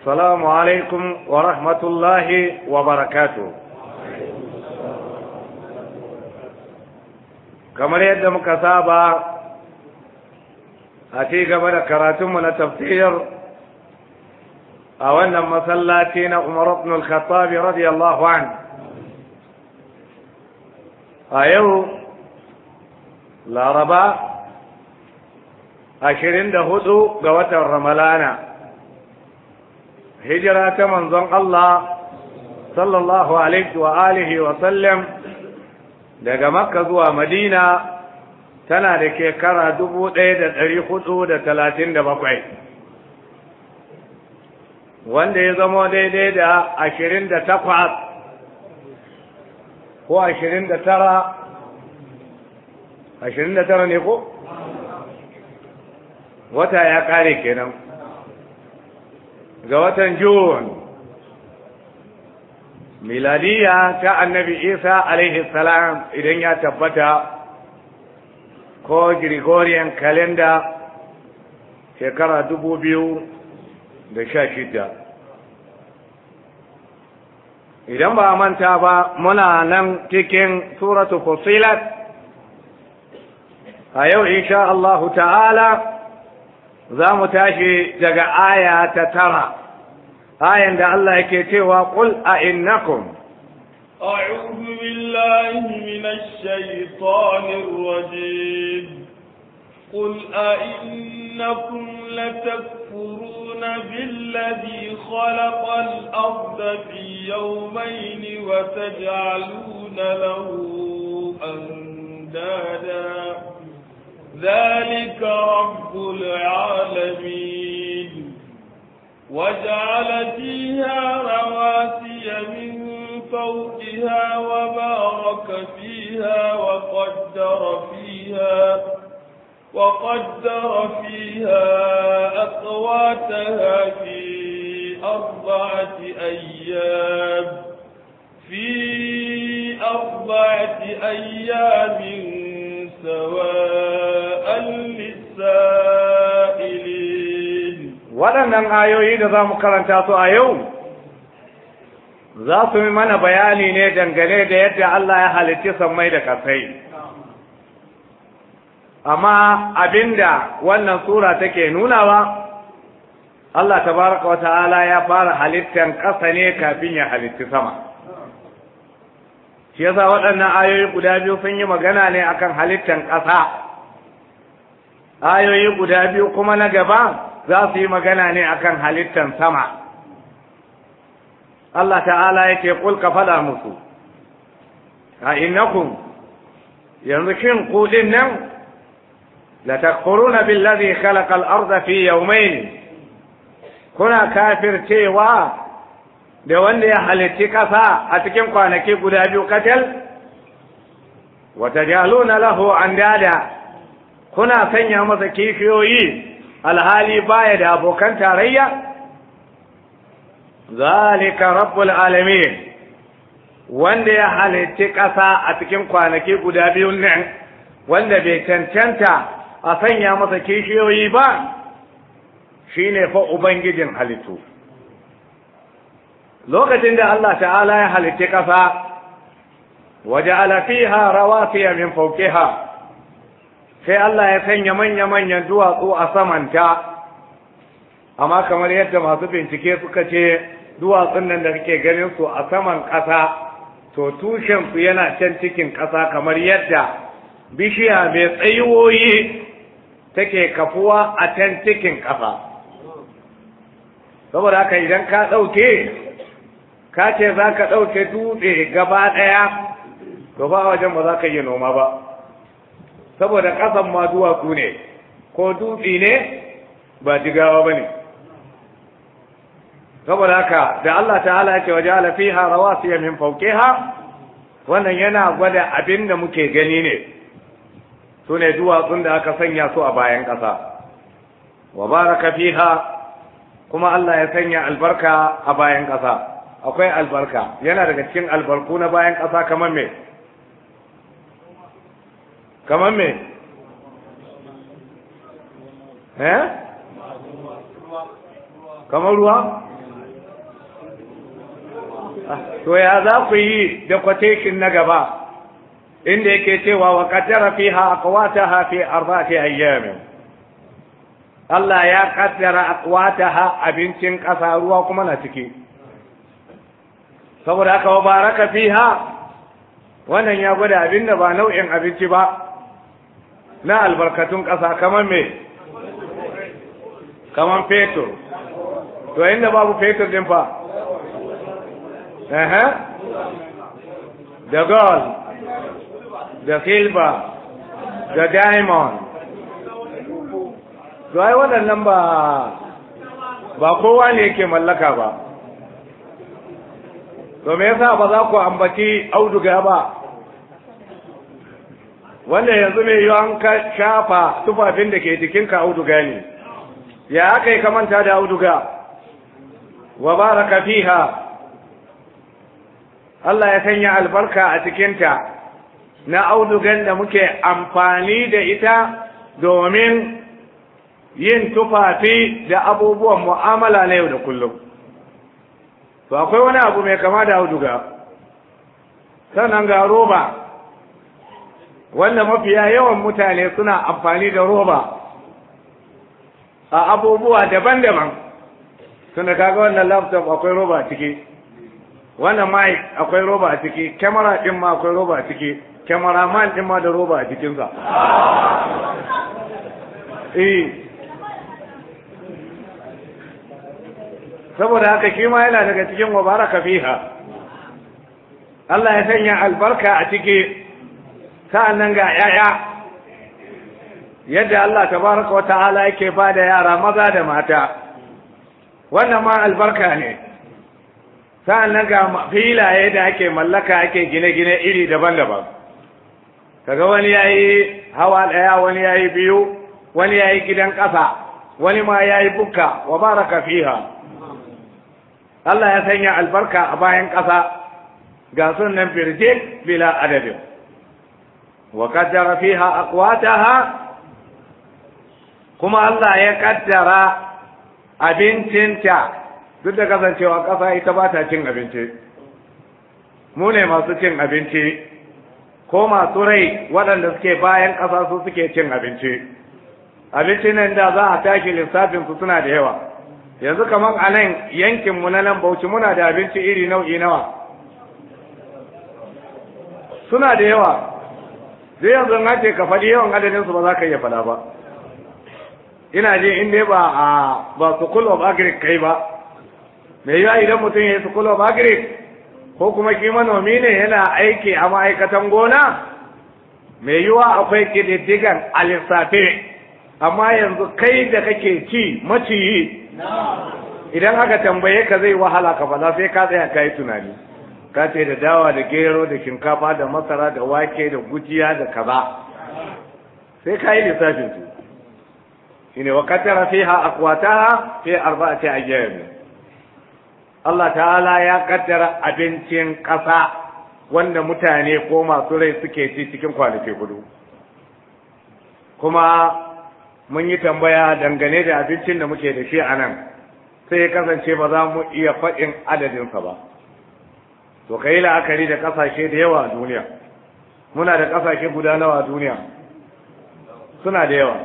السلام عليكم ورحمة الله وبركاته كما يدم كتابة أتي من كراتم تفسير أولا ما صلاتين عمر بن الخطاب رضي الله عنه أيو لا ربا أشرين دهوتو قوة الرملانة hijira ta manzon Allah sallallahu alaihi wa alihi wa sallam daga makka zuwa madina tana da shekara dubu ɗaya da ɗari da talatin da bakwai wanda ya zamo daidai da ashirin da takwas ko ashirin da tara ashirin da tara ne ko wata ya ƙare kenan ga watan Jun miladiya ta annabi Isa alaihi salam idan ya tabbata ko Gregorian calendar shekara dubu biyu da sha shida idan ba manta ba muna nan cikin suratu fusilat a yau insha Allahu ta'ala za mu tashi daga aya آية tara ayan da Allah yake أعوذ بالله من الشيطان الرجيم قل أئنكم لتكفرون بالذي خلق الأرض في يومين وتجعلون له أندادا ذلك رب العالمين وجعل فيها رواسي من فوقها وبارك فيها وقدر فيها وقدر فيها أقواتها في أربعة أيام في أربعة أيام سواء للسائلين waɗannan ayoyi da za mu karanta su a yau za su yi mana bayani ne dangane da yadda Allah ya halicci sammai da kasai amma abinda wannan sura take nunawa Allah tabaraka wa ta'ala ya fara halittar ƙasa ne kafin ya halitti sama shi yasa waɗannan ayoyi guda biyu sun yi magana ne akan halittan ƙasa ayoyi guda biyu kuma na gaba za su yi magana ne akan halittan sama Allah ta'ala ya ce kul faɗa musu a innakum yanzu kin kuɗin nan la takfuruna billazi khalaqa al-ardha fi yawmayn kuna kafircewa da wanda ya halitti ƙasa a cikin kwanaki guda biyu katal wata na laho an dada kuna sanya masa kishiyoyi alhali baya da abokan tarayya zalika rabbul alami wanda ya halarci ƙasa a cikin kwanaki guda biyun nan wanda bai cancanta a sanya masa kishiyoyi ba shine fa ubangijin halittu lokacin da Allah ta'ala ya halitta ƙasa waja'ala fiha rawafiya min fawqiha sai Allah ya sanya manya manyan duwatsu a samanta amma kamar yadda masu bincike suka ce duwatsun nan da kake ganin su a saman ƙasa to tushen su yana can cikin ƙasa kamar yadda bishiya mai tsayiwoyi take kafuwa a can cikin ƙasa saboda haka idan ka ɗauke ka ce za ka ɗauke dutse gaba ɗaya to ba wajen ba za ka yi noma ba saboda ƙasan ma duwatsu ne ko dutse ne ba jigawa ba ne saboda haka da Allah ta'ala ya ce waje alafiha rawasiya fauke ha, wannan yana gwada abin da muke gani ne su ne duwatsun da aka sanya su a bayan ƙasa wa baraka fiha kuma Allah ya sanya albarka a bayan ƙasa akwai albarka yana daga cikin albarku na bayan ƙasa kamar me kamar me eh kamar ruwa ah, to ya za ku yi da kwatekin na gaba inda yake cewa wa qaddara fiha aqwataha fi arba'ati ayyam Allah ya kaddara aqwataha abincin ƙasa ruwa kuma na ciki saboda aka baraka fiha wannan ya gwada abin da ba nau'in abinci ba na albarkatun ƙasa kamar me kamar fetur to inda babu fetur din fa da gold da silver da diamond to ai waɗannan ba ba kowa ne yake mallaka ba to yasa ba za ku ambaci auduga ba wanda yanzu mai yiwu an ka shafa tufafin da ke jikinka auduga ne ya aka ka manta da auduga wa baraka fiha Allah ya sanya albarka a cikinta na audugan da muke amfani da ita domin yin tufafi da abubuwan mu'amala na yau da kullum to akwai wani abu mai kama da auduga sannan ga roba wanda mafiya yawan mutane suna amfani da roba a abubuwa daban-daban suna kaga wannan laptop akwai roba a ciki wannan mic akwai roba a ciki kyamara din ma akwai roba a ciki kyamara man din ma da roba a cikinsa eh saboda haka shi ma yana daga cikin wa baraka fiha Allah ya sanya albarka a ciki sa'annan ga yaya yadda Allah tabaraka wa ta'ala yake ba da yara maza da mata wannan ma albarka ne sa'annan ga filaye da ake mallaka ake gine-gine iri daban-daban kaga wani ya yi hawa ɗaya, wani ya yi biyu wani ya yi gidan ƙasa wani ma ya yi bukka wa baraka fiha Allah ya sanya albarka a bayan ƙasa ga sunan birjin bila adadin wa kaddara fiha aqwataha kuma Allah ya kaddara abincinta duk da kasancewa ƙasa ita ba ta cin abinci mu ne masu cin abinci ko masu rai waɗanda suke bayan ƙasa su suke cin abinci abincin nan da za a tashi lissafin su suna da yawa yanzu kamar a nan yankinmu na nan bauchi muna da abinci iri nau'i nawa suna da yawa zai yanzu an ce ka faɗi yawan adadinsu ba za ka iya faɗa ba ina je in dai ba a ba school of agric kai ba me yiwa idan mutum ya yi school of agric ko kuma ki manomi ne yana aiki a ma'aikatan gona me yiwa akwai kididdigan a amma yanzu kai da kake ci maciyi idan aka tambaye ka zai wahala ka fada sai ka tsaya ka yi tunani ka ce da dawa da gero da shinkafa da masara da wake da gujiya da kaza sai ka yi lissafin su shine wa katara fiha aqwataha fi arba'ati ayyam Allah ta'ala ya kaddara abincin ƙasa wanda mutane ko masu rai suke ci cikin kwanaki hudu kuma mun yi tambaya dangane da abincin da muke da shi a nan sai ya kasance ba za mu iya faɗin adadinsa ba to ka yi la'akari da ƙasashe da yawa a duniya muna da ƙasashe guda nawa a duniya suna da yawa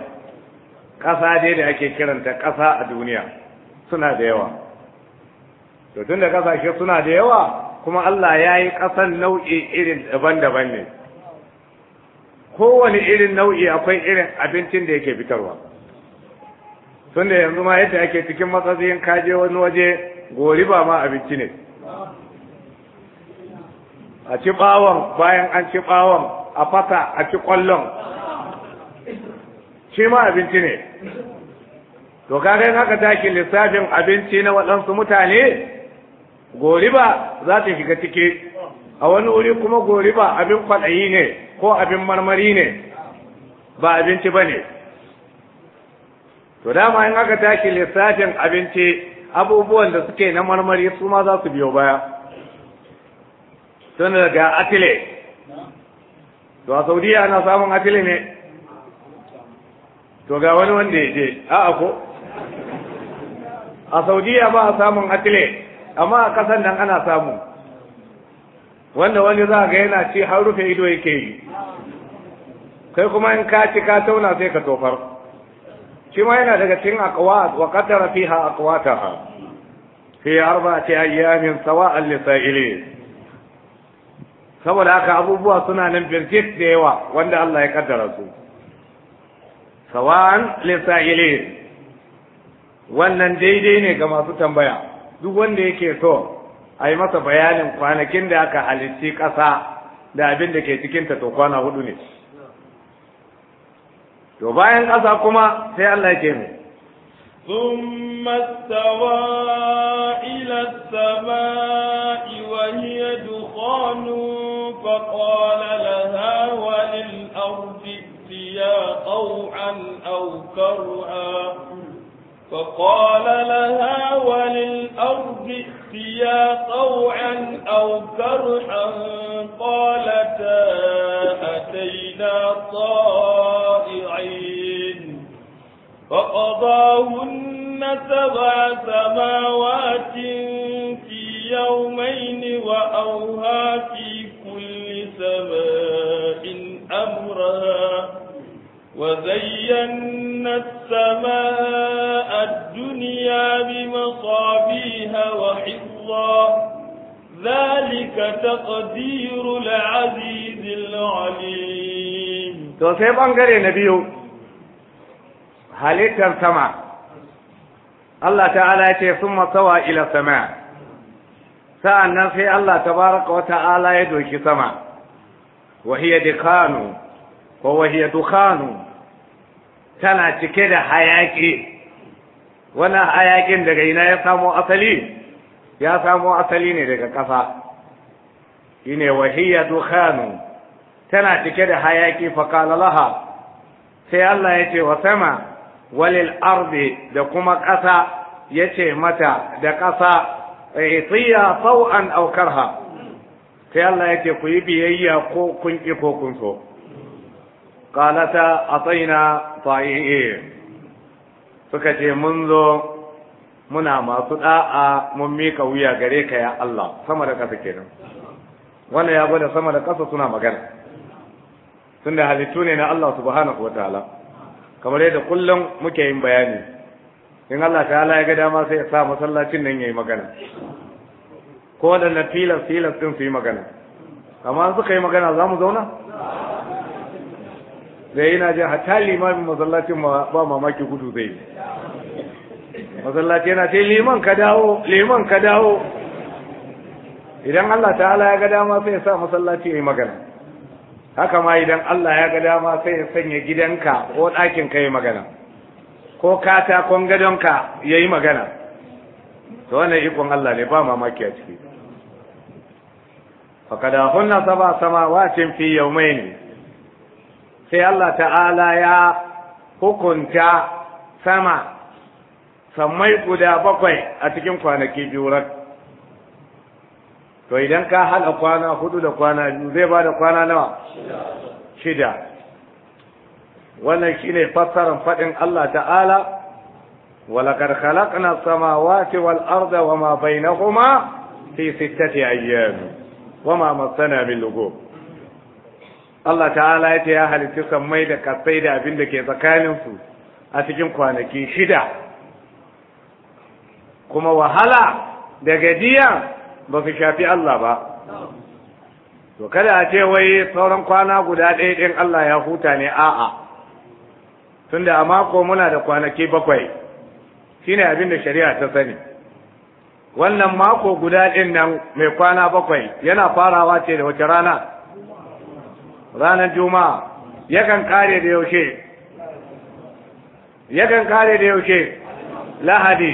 ƙasa dai da ake kiranta ƙasa a duniya suna da yawa to tun da ƙasashe suna da yawa kuma Allah ya yi ƙasan nau'i irin daban-daban ne kowane irin nau'i akwai irin abincin da yake fitarwa tun da yanzu ma yadda ake cikin matsatsin kaje wani waje gori ba ma abinci ne a ci bawon bayan an ci bawon a fata a ci kwallon shi ma abinci ne to kaga in haka taki lissafin abinci na waɗansu mutane gori ba za ta shiga ciki a wani wuri kuma gori ba abin kwaɗayi ne ko abin marmari ne ba abinci ba ne to dama in aka tashi lissafin abinci abubuwan da suke na marmari su ma za su biyo baya tun daga atile to a saudiya ana samun atile ne to ga wani wanda ya je a'a ko a saudiya ba a samun atile amma a kasan nan ana samu wanda wani za ga yana ci har rufe ido yake yi kai kuma in ka ci ka tauna sai ka tofar shi ma yana daga cikin aqwat wa qadara fiha aqwataha fi arba'ati ayyamin sawa'an lisa'ili saboda haka abubuwa suna nan birjit da yawa wanda Allah ya kaddara su sawa'an lisa'ili wannan daidai ne ga masu tambaya duk wanda yake so a yi masa bayanin kwanakin da aka halitti ƙasa da abin da ke cikinta to kwana hudu ne to bayan ƙasa kuma sai Allah ya ila mu ثم استوى إلى السماء وهي دخان فقال لها وللأرض ائتيا طوعا أو كرها فقال لها وللأرض ائتيا طوعا أو كرحا قالتا أتينا طائعين فقضاهن سبع سماوات في يومين وأوها في كل سماء أمرها وزينا السماء الدنيا بمصابيها وحفظا ذلك تقدير العزيز العليم تو سي بانغاري نبيو حاليت السماء الله تعالى يتي ثم سوى الى السماء سأنا سي الله تبارك وتعالى يدوي سماء وهي دخان ko wahiya dukhanu tana cike da hayaki wannan hayakin daga ina ya samo asali ya samo asali ne daga ƙasa shine wahiya dukhanu tana cike da hayaki faqala laha sai Allah ya ce wa sama walil ardi da kuma ƙasa ya ce mata da ƙasa tsiya sau'an aw karha sai Allah ya ce ku yi biyayya ko kun ƙi ko kun so qalata ataina ta'i'in suka ce mun zo muna masu da'a mun mika wuya gare ka ya Allah sama da ƙasa kenan wannan ya gwada sama da ƙasa suna magana tunda halittu ne na Allah subhanahu wataala kamar yadda kullum muke yin bayani in Allah ta'ala ya ga dama sai ya sa masallacin nan yayi magana ko da na filas filas din su yi magana amma suka yi magana za mu zauna da yana jin hatta limamin masallacin ba mamaki gudu zai yi masallaci yana ce liman ka dawo liman ka dawo idan Allah ta'ala ya ga dama sai ya sa masallaci ya yi magana haka ma idan Allah ya ga dama sai ya sanya gidanka ko ɗakin ka yi magana ko katakon gadonka ya yi magana to wannan ikon Allah ne ba mamaki a ciki faƙada hunna saba samawatin fi ne. sai Allah ta'ala ya hukunta sama sammai guda bakwai a cikin kwanaki biyu to idan ka hada kwana hudu da kwana biyu zai ba da kwana nawa shida wannan shine fassarar fadin Allah ta'ala walaqad khalaqna samawati wal arda wama bainahuma fi sittati ayyam wama massana min lughub Allah ta'ala ya ce ya halitti sammai da kasai da abin da ke tsakaninsu a cikin kwanaki shida kuma wahala da gajiya ba su shafi Allah ba to kada a ce wai sauran kwana guda ɗaya ɗin Allah ya huta ne a'a tunda a mako muna da kwanaki bakwai shine abin da shari'a ta sani wannan mako guda ɗin nan mai kwana bakwai yana farawa ce da wace rana ranar juma'a yakan kare da yaushe yakan kare da yaushe lahadi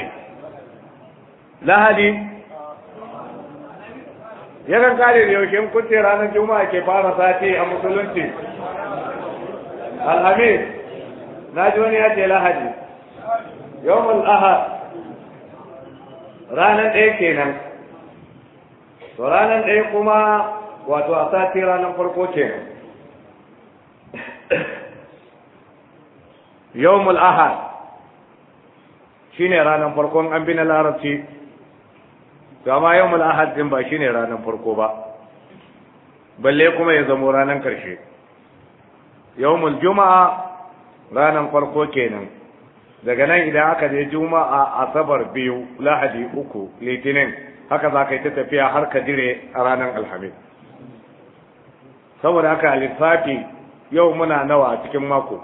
lahadi yakan kare da yaushe in kunce ranar juma'a ke fara sati a musulunci alhamis na ji wani ya ce lahadi yawon aha ranar ɗaya kenan to ranar ɗaya kuma wato a sati ranar farko kenan yawmul ahad shine ranar farkon an bi na larabci gama yawmul ahad din ba shine ranar farko ba balle kuma ya zamo ranar karshe yawmul juma'a ranar farko kenan daga nan idan aka je juma'a asabar biyu lahadi uku litinin haka za ka yi ta tafiya har ka dire a ranar alhamis saboda haka lissafi yau muna nawa a cikin mako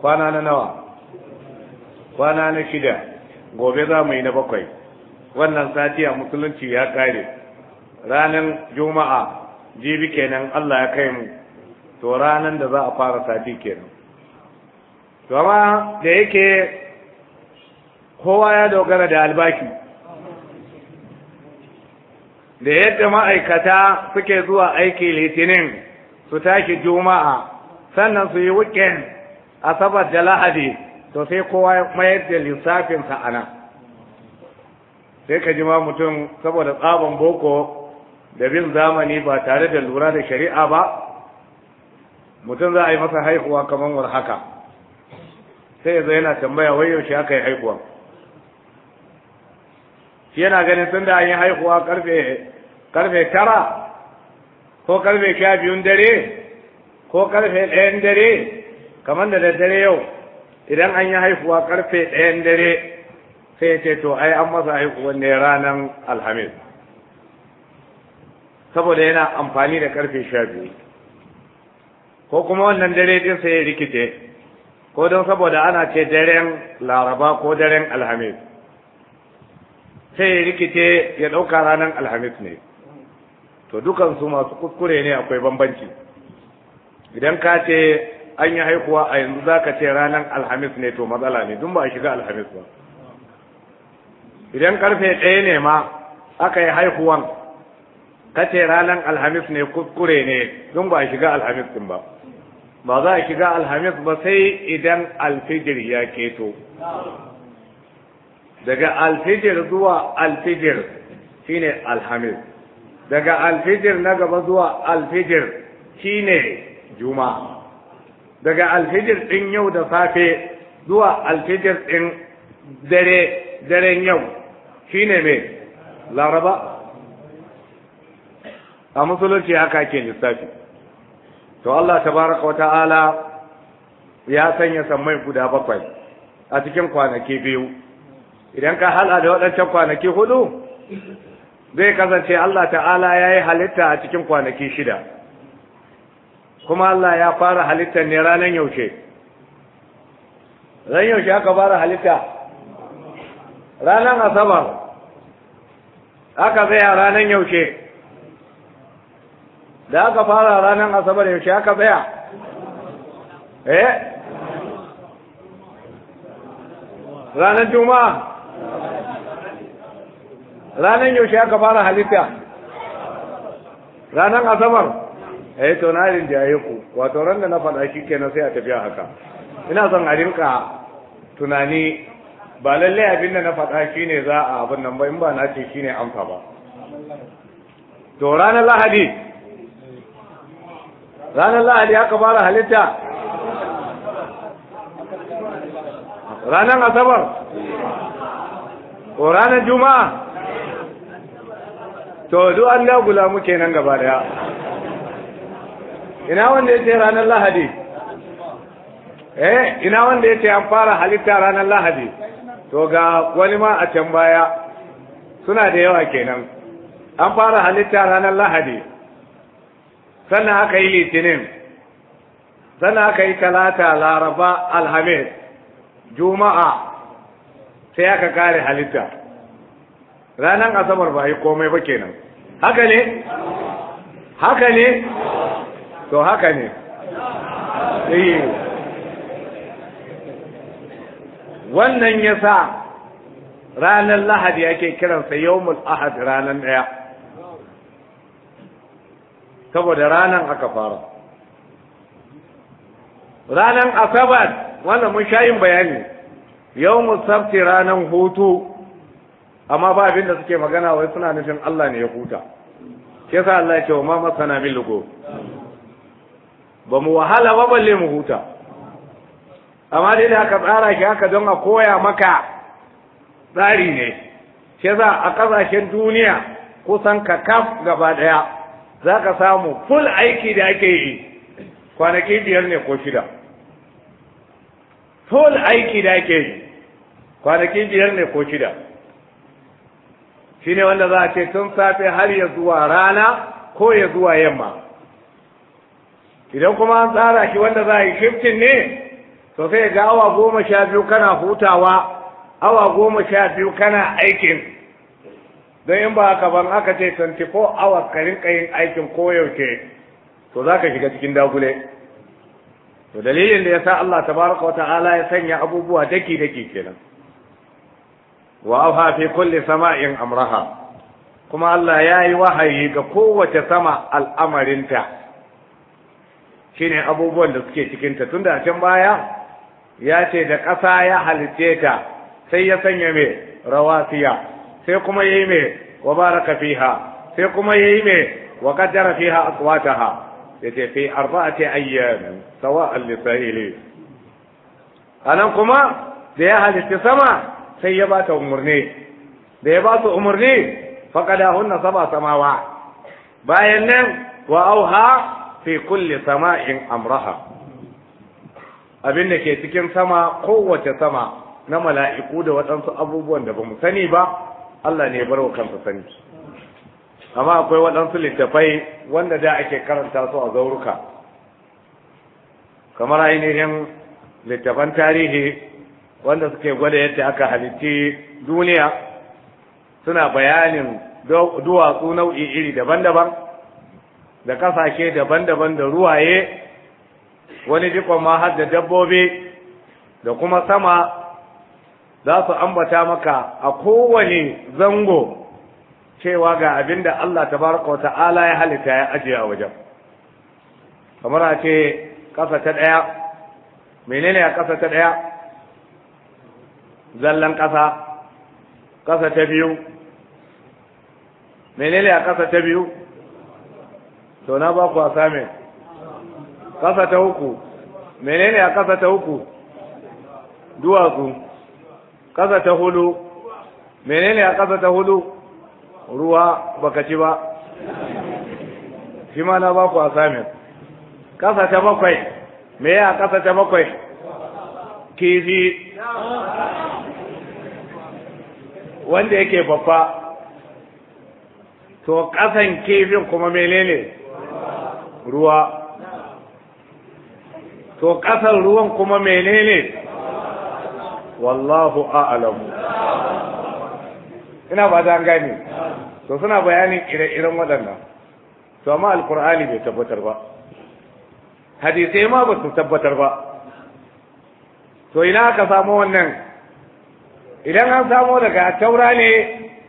kwana na nawa kwana na shida gobe za mu yi na bakwai wannan sati a musulunci ya kare ranar juma'a jibi kenan allah ya kai mu to ranar da za a fara sati kenan to da yake kowa ya dogara da albaki da yadda ma'aikata suke zuwa aiki litinin su tashi juma'a sannan su yi weekend asabar da lahadi to sai kowa mayar da lissafinsa a nan sai ka ji ma mutum saboda tsaban boko da bin zamani ba tare da lura da shari'a ba mutum za a yi masa haihuwa kamar war haka sai ya yana tambaya wai yaushe aka yi haihuwa yana ganin tun da an yi haihuwa karfe tara ko karfe sha biyun dare ko karfe ɗayan dare kamar da daddare yau idan an yi haifuwa karfe ɗayan dare sai ya ce to ai an masa haihuwan ne ranar alhamis saboda yana amfani da karfe sha biyu ko kuma wannan dare din sai ya rikice ko don saboda ana ce daren laraba ko daren alhamis sai ya rikice ya ɗauka ranar alhamis ne to dukansu masu kuskure ne akwai bambanci idan ka ce an yi haihuwa a yanzu za ka ce ranar alhamis ne to matsala ne dun ba a shiga alhamis ba idan karfe ɗaya ne ma aka yi haihuwan ka ce ranar alhamis ne kuskure ne dun ba a shiga alhamis din ba ba za a shiga alhamis ba sai idan alfijir ya keto daga alfijir zuwa alfijir shine alhamis daga alfijir na gaba zuwa alfijir shine juma'a daga alfijir ɗin yau da safe zuwa alfijir ɗin dare daren yau shine mai laraba a musulunci haka ke lissafi to Allah tabaraka wata'ala ya sanya sammai guda bakwai a cikin kwanaki biyu idan ka hala da waɗancan kwanaki hudu zai kasance Allah ta'ala ya yi halitta a cikin kwanaki shida kuma Allah ya fara halittar ne ranar yaushe ran yaushe aka fara halitta ranar asabar aka tsaya ranar yaushe da aka fara ranar asabar yaushe aka tsaya eh ranar juma'a Ranan yaushe aka fara halitta Ranan asabar eh to na rinjaye ku wato ran da na faɗa shi na sai a tafiya haka ina son a rinka tunani ba lalle abin da na faɗa shi ne za a abin nan ba in ba na ce shi ne amsa ba to ranar lahadi ranar lahadi aka fara halitta Ranan asabar ko ranar juma'a to duk an dagula muke nan gaba daya ina wanda ya ce ranar lahadi eh ina wanda ya ce an fara halitta ranar lahadi to ga wani ma a can baya suna da yawa kenan an fara halitta ranar lahadi sannan aka yi litinin sannan aka yi talata laraba alhamis juma'a sai aka kare halitta Ranan asabar ba yi komai ba kenan haka ne haka ne to haka ne eh. wannan ya sa ranar lahadi ake kiransa yawmul ahad ranar ɗaya saboda ranar aka fara ranar asabar wannan mun sha yin bayani yawmul sabti ranar hutu amma ba abin da suke magana wai suna nufin Allah ne ya huta shi sa Allah ya ce wa ma masana min lugo ba mu wahala ba balle mu huta amma dai da aka tsara shi haka don a koya maka tsari ne shi yasa a kasashen duniya kusan kaf gaba daya za ka samu full aiki da ake yi kwanaki biyar ne ko shida full aiki da ake yi kwanaki biyar ne ko shida Shi ne wanda za a ce tun safe har ya zuwa rana ko ya zuwa yamma idan kuma an tsara shi wanda za a yi shiftin ne to sai ga awa goma sha biyu kana hutawa awa goma sha biyu kana aikin don in ba haka ban aka ce 24 hours ka rinka yin aikin koyaushe to za ka shiga cikin dagule to dalilin da ya sa Allah tabaraka wa ta'ala ya sanya abubuwa daki daki kenan wa awha fi kulli sama'in amraha kuma Allah ya yi wahayi ga kowace sama al'amarinta shine abubuwan da suke cikinta tun da can baya ya ce da ƙasa ya halitte ta sai ya sanya mai rawasiya sai kuma ya yi mai wa baraka fiha sai kuma ya yi mai wa kaddara fiha aqwataha ya ce fi arba'ati ayyamin sawa'an lisa'ili anan kuma da ya halitta sama sai ya ba ta umarni da ya ba su umarni faƙada hunna saba samawa bayan nan wa auha fi kulli sama'in amraha abin da ke cikin sama kowace sama na mala'iku da waɗansu abubuwan da ba mu sani ba Allah ne bar wa kansa sani amma akwai waɗansu littafai wanda da ake karanta su a zauruka kamar ainihin littafan tarihi wanda suke gwada yadda aka halitti duniya suna bayanin duwatsu nau'i iri daban-daban da kasashe daban-daban da ruwaye wani jikon ma har da dabbobi da kuma sama za su ambata maka a kowane zango cewa ga abinda da Allah tabaraka wa ta'ala ya halitta ya ajiya wajen kamar a ce ƙasa ta ɗaya menene a ƙasa ta ɗaya zallan ƙasa ƙasa ta biyu menene a ƙasa ta biyu to na ba ku assignment ƙasa ta uku menene a ƙasa ta uku duwatsu ƙasa ta hudu menene a ƙasa ta hudu ruwa baka ci ba shi ma na ba ku assignment ƙasa ta bakwai me ya ƙasa ta bakwai kifi wanda yake babba to kasan kifin kuma menene ruwa to kasan ruwan kuma menene wallahu a'lamu ina ba an gani. to suna bayanin ire-iren waɗannan to amma alkur'ani bai tabbatar ba hadisai ma ba su tabbatar ba to ina aka samu wannan idan an samo daga taura ne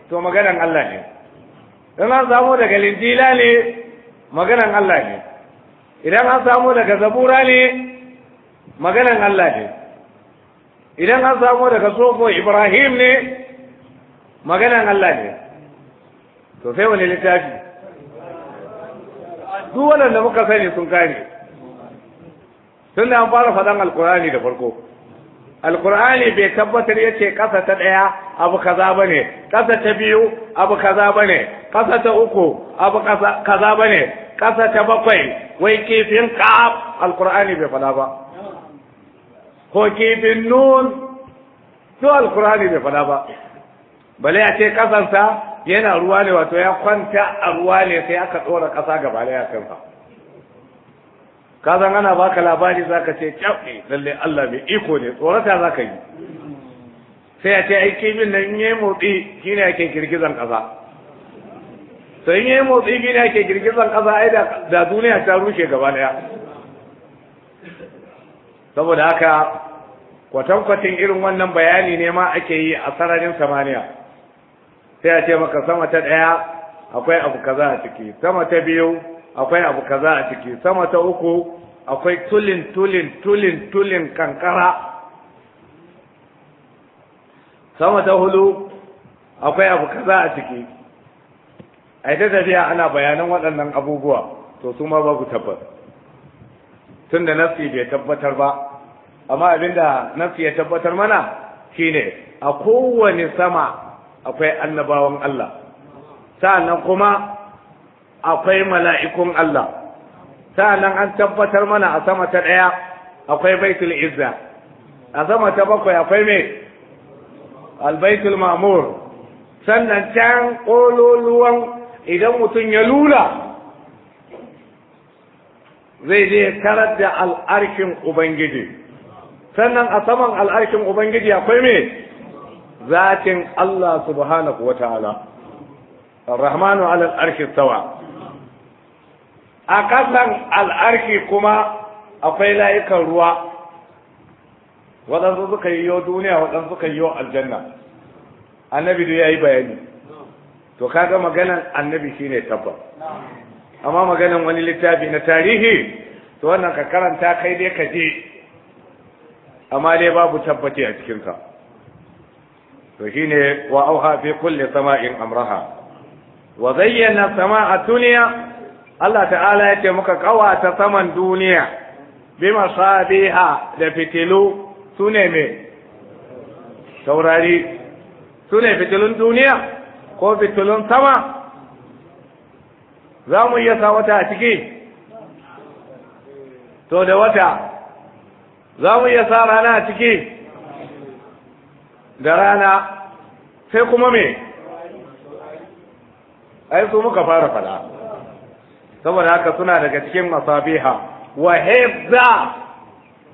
to maganan Allah ne idan an samo daga linjila ne maganan Allah ne idan an samo daga zabura ne maganan Allah ne idan an samo daga soko ibrahim ne maganan Allah ne to sai wani littafi duk waɗanda muka sani sun kare tun da an fara faɗan alkurani da farko alkur'ani bai tabbatar ya ce ƙasa ta ɗaya abu kaza bane, kasa ƙasa ta biyu abu kaza bane, kasa ƙasa ta uku abu kaza bane, ne ƙasa ta bakwai wai kifin ƙaf alkur'ani bai faɗa ba ko kifin nun to alkur'ani bai faɗa ba bale ya ce ƙasansa yana ruwa ne wato ya kwanta a ruwa ne sai aka ɗora ƙasa gaba ɗaya kansa ka zan ana baka labari zaka ce kyaɓe lalle Allah mai iko ne tsorata zaka yi sai a ce ai kibin nan in yayi motsi shine ake girgizan kasa Sai in yayi motsi shine ake girgizan kasa ai da duniya ta rushe gaba daya saboda haka kwatankwatin irin wannan bayani ne ma ake yi a sararin samaniya sai a ce maka sama ta ɗaya akwai abu kaza a ciki sama ta biyu akwai abu kaza a ciki sama ta uku akwai tulin tulin tulin tulin kankara sama ta hulu akwai abu kaza a ciki a ita tafiya ana bayanan waɗannan abubuwa to su ma babu tabbas tun da nafi bai tabbatar ba amma abinda nafi ya tabbatar mana shine a kowane sama akwai annabawan Allah sa'annan kuma akwai mala'ikun Allah sa'annan an tabbatar mana a sama ta ɗaya akwai baitul izza a sama ta bakwai akwai me albaitul mamur sannan can ƙololuwan idan mutum ya lula zai je karar da al'arkin ubangiji sannan a saman al'arkin ubangiji akwai me zatin Allah subhanahu wa ta'ala الرحمن على الأرش استوى a kasan al'arki kuma akwai layukan ruwa waɗansu suka yi yo duniya waɗansu suka yi yo aljanna annabi da ya yi bayani to kaga maganan annabi shi ne tabba amma maganan wani littafi na tarihi to wannan ka karanta kai dai ka je amma dai babu tabbaci a cikinsa to ne wa auha fi kulle sama'in amraha wa zayyana sama'a duniya Allah ta'ala ya ce muka kawata saman duniya bi masabiha da fitilu su ne me taurari su ne fitilun duniya ko fitilun sama za mu iya sa wata a ciki to da wata za mu iya sa rana a ciki da rana sai kuma me ai su muka fara fada saboda haka suna daga cikin masabiha wa hifza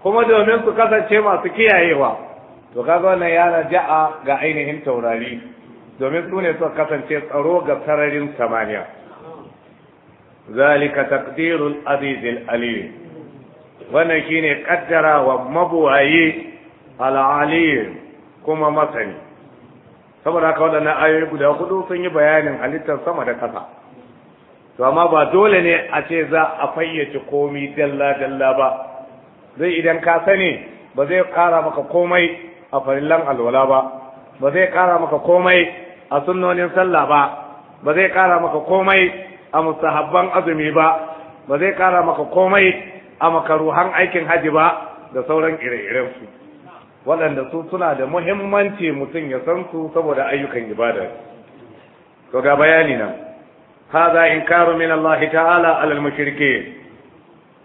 kuma domin su kasance masu kiyayewa to kaga wannan yana ja'a ga ainihin taurari domin su ne suka kasance tsaro ga sararin samaniya zalika taqdirul azizil alim wannan shine kaddara wa mabuwaye al'alim kuma masani saboda haka waɗannan ayoyi guda hudu sun yi bayanin halittar sama da ƙasa to amma ba dole ne a ce za a fayyace komai dalla dalla ba zai idan ka sani ba zai kara maka komai a farillan alwala ba ba zai kara maka komai a sunnonin sallah ba ba zai kara maka komai a mustahabban azumi ba ba zai kara maka komai a makaruhan aikin haji ba da sauran ire-iren su waɗanda su suna da muhimmanci mutum ya san su saboda ayyukan ibada to ga bayani nan هذا إنكار من الله تعالى على المشركين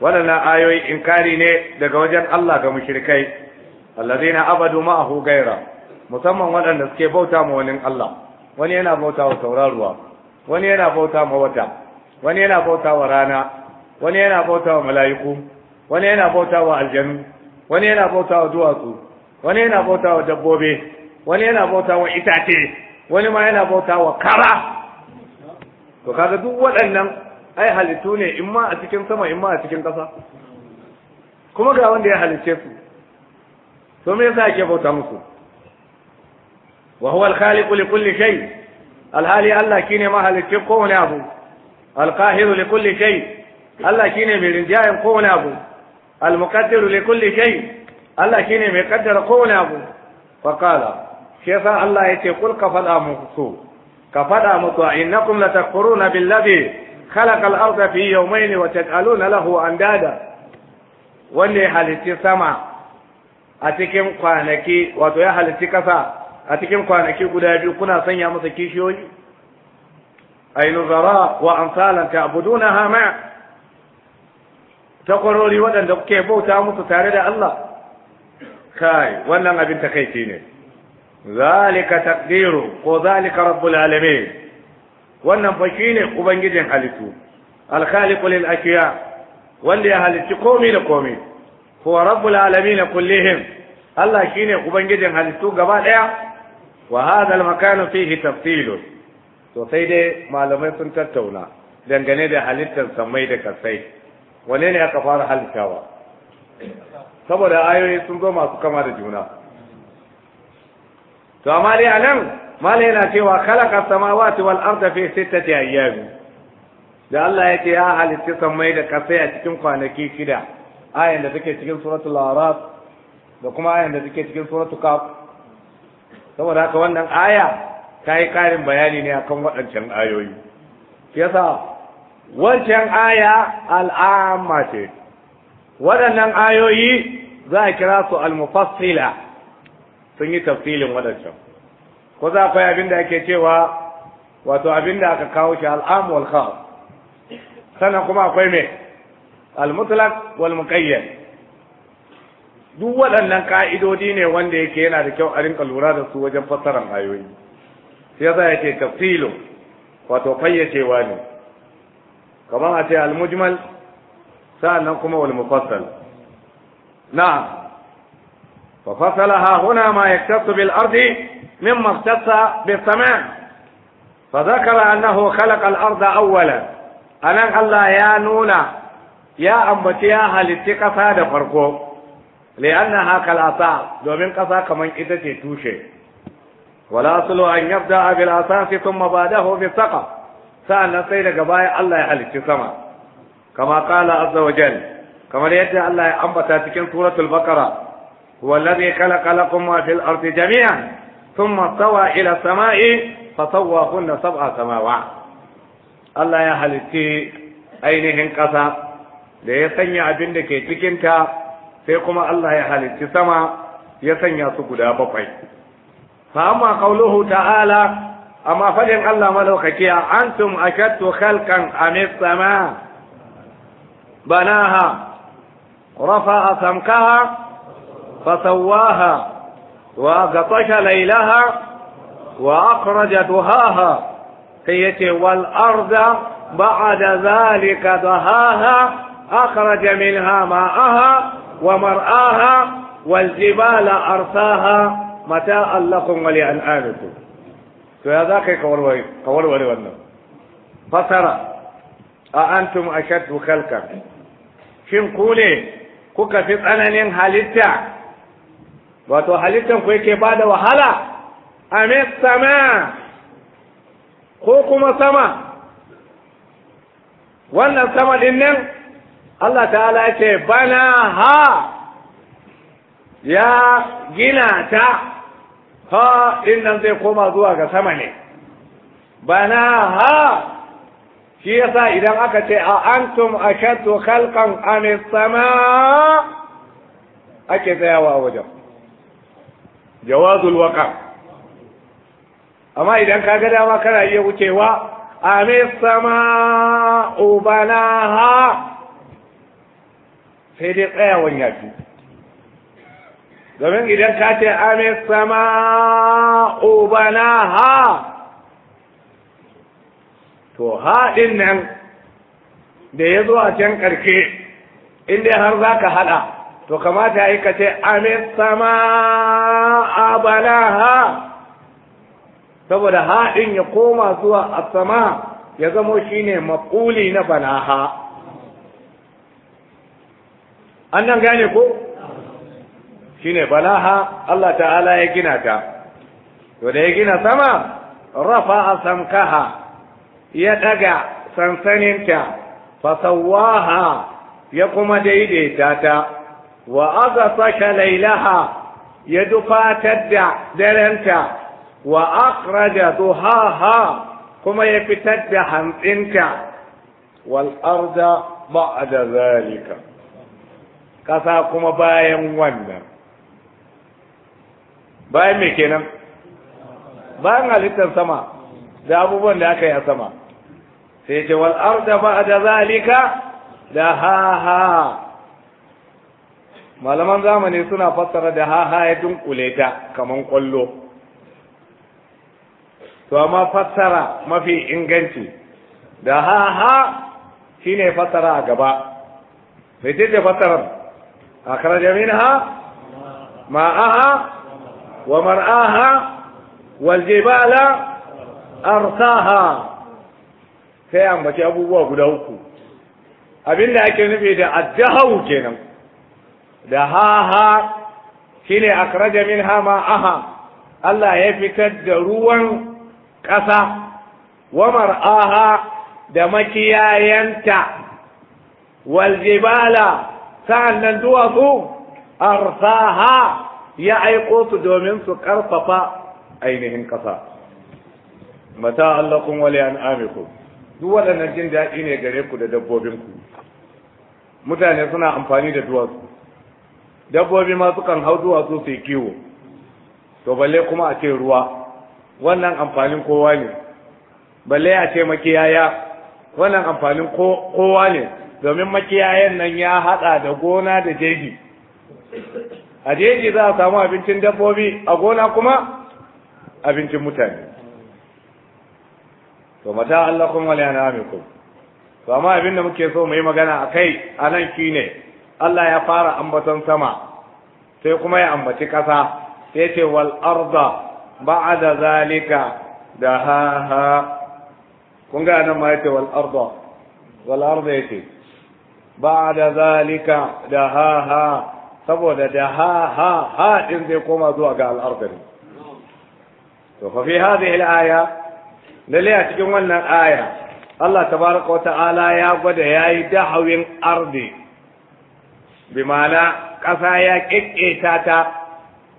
ولنا آيوي إنكاري daga wajen Allah ga كمشركي الذين عبدوا معه غيره musamman waɗanda suke bauta ma wani Allah wani yana bauta wa tauraruwa wani yana bauta ma wata wani yana bauta wa rana wani yana bauta wa mala'iku wani yana bauta wa aljanu wani yana bauta wa duwatsu wani yana bauta wa dabbobi wani yana bauta wa itace wani ma yana bauta wa kara to kaga duk waɗannan ai halittu ne in ma a cikin sama in ma a cikin ƙasa kuma ga wanda ya halicce su to me yasa ake bauta musu wa huwa al-khaliqu li kulli shay al-hali Allah kine ko wani abu al-qahiru li kulli shay Allah kine mai rinjayen wani abu al-muqaddiru li kulli shay Allah kine mai kaddara wani abu fa qala shi yasa Allah yace kul ka fada muku ka faɗa musu a innakum latakfuruna billazi khalaqa al-ardha fi yawmayn wa taj'aluna lahu andada wanda halitti sama a cikin kwanaki wato ya halitti kasa a cikin kwanaki guda biyu kuna sanya masa kishiyoyi ay nuzara wa amsalan ta'budunaha ma takwarori waɗanda kuke bauta musu tare da Allah kai wannan abin takaici ne zalika taqdiru ko zalika rabbul alamin wannan fa shine ubangijin halittu al lil ashiya wanda ya halicci komai da komai huwa rabbul alamin kullihim Allah shine ubangijin halittu gaba daya wa hadha al-makanu fihi tafsilun to sai dai malamai sun tattauna dangane da halittar samai da kasai wane ne aka fara halittawa saboda ayoyi sun zo masu kama da juna to amma dai anan mala yana cewa khalaqa samawati wal arda fi sittati ayyam da Allah yake ya halitta samai da kasai a cikin kwanaki shida ayan da take cikin suratul araf da kuma ayan da take cikin suratul kaf saboda haka wannan aya ta yi karin bayani ne akan waɗancan ayoyi yasa wancan aya al'amma ce waɗannan ayoyi za a kira su al-mufassila sun yi tafsilin waɗancan ko za akwai abin da ake cewa wato abin da aka kawo shi al'am wal khas sannan kuma akwai me al mutlaq wal muqayyad duk waɗannan ka'idodi ne wanda yake yana da kyau a rinka lura da su wajen fassarar ayoyi sai yasa yake tafsilu wato fayyacewa ne kamar a ce al mujmal sannan kuma wal mufassal na'am ففصلها هنا ما يختص بالأرض مما اختص بالسماء فذكر أنه خلق الأرض أولا أنا الله يا نونا يا اتقف هذا فرقو لأنها كالأساس من قصا كمان إتتي توشي ولا أصل أن يبدأ بالأساس ثم بعده بالسقف سألنا سيد قبايا الله يحل السماء كما قال عز وجل كما يدعي الله أنبت تكن سورة البقرة هو الذي خلق لكم ما في الأرض جميعا ثم استوى إلى السماء فسواهن سبع سماوات Allah ya halitti ainihin ƙasa da ya sanya abin da ke cikinta sai kuma Allah ya halitti sama ya sanya su guda bakwai. Fa amma qauluhu ta'ala amma fadin Allah malaukakiya antum akattu khalqan am sama banaha rafa'a samkaha فسواها وغطش ليلها وأخرج دهاها فيتي والأرض بعد ذلك دهاها أخرج منها ماءها ومرآها والجبال أرساها متاء لكم ولأنعامكم فهذاك قول قول ولي فترى أأنتم أشد خلقا شنقولي كوكا في tsananin halitta wato halittan ku yake bada wahala ame sama ko kuma sama wannan sama din nan Allah ta'ala ce bana ha ya gina ta ha din nan zai koma zuwa ga sama ne bana ha shi yasa idan aka ce a antum ashaddu khalqan am sama ake tsayawa wajen jawazul waka amma idan ka ga dama kana iya wucewa ame sama ubanaha sai dai tsayawan ya fi domin idan ka ce ame sama ubanaha to haɗin nan da ya zo a can ƙarke inda har za ka haɗa to kamata ya yi ka ce amin sama a balaha saboda haɗin ya koma zuwa a sama ya zamo shine maƙuli na balaha an nan gane ko shine balaha Allah ta'ala ya gina ta to da ya gina sama rafa a samkaha ya ɗaga sansaninta fasawaha ya kuma daidaita ta wa saka laylaha ya dufatar da darenta wa akhraja duhaha kuma ya fitar da hantsinta wal arda ba'da zalika kasa kuma bayan wannan bayan me kenan bayan halittar sama da abubuwan da aka yi a sama sai ce wal arda ba'da zalika da haha. malaman zamani suna fassara da ha ha ya dunkule ta kamar kwallo to amma fassara mafi inganci da ha ha shine fassara a gaba mai ce fassarar a karajar minha ma'aha wa mar'aha waljibala arsaha sai ambaci abubuwa guda uku abinda ake nufi da addahu kenan da haha shine akraja hama Aha, Allah ya fitar da ruwan ƙasa wa mar'aha da makiyayanta wal jibala sa'annan duwatsu arsaha ya aiko su domin su ƙarfafa ainihin ƙasa mata kun wale an amiku duk waɗannan jin daɗi ne gare ku da dabbobinku mutane suna amfani da duwatsu dabbobi ma sukan hau duwatsu su yi kiwo to balle kuma a ce ruwa wannan amfanin kowa ne balle a ce makiyaya wannan amfanin kowa ne domin makiyayan nan ya haɗa da gona da jeji a jeji za a samu abincin dabbobi a gona kuma abincin mutane to mata Allah kuma ya na amiku to amma abin da muke so mu yi magana akai anan shine Allah ya fara ambaton sama sai kuma ya ambaci ƙasa sai ce wal arda ba'da zalika da ha ha kun ga nan ma yace wal arda wal arda yace ba'da zalika da ha ha saboda da ha ha ha din zai koma zuwa ga al arda to fa fi hadhihi al aya lalle a cikin wannan aya Allah tabaraka wa ta'ala ya gwada yayi dahawin ardi بمعنى ma'ana كيك ya ƙeƙeta ta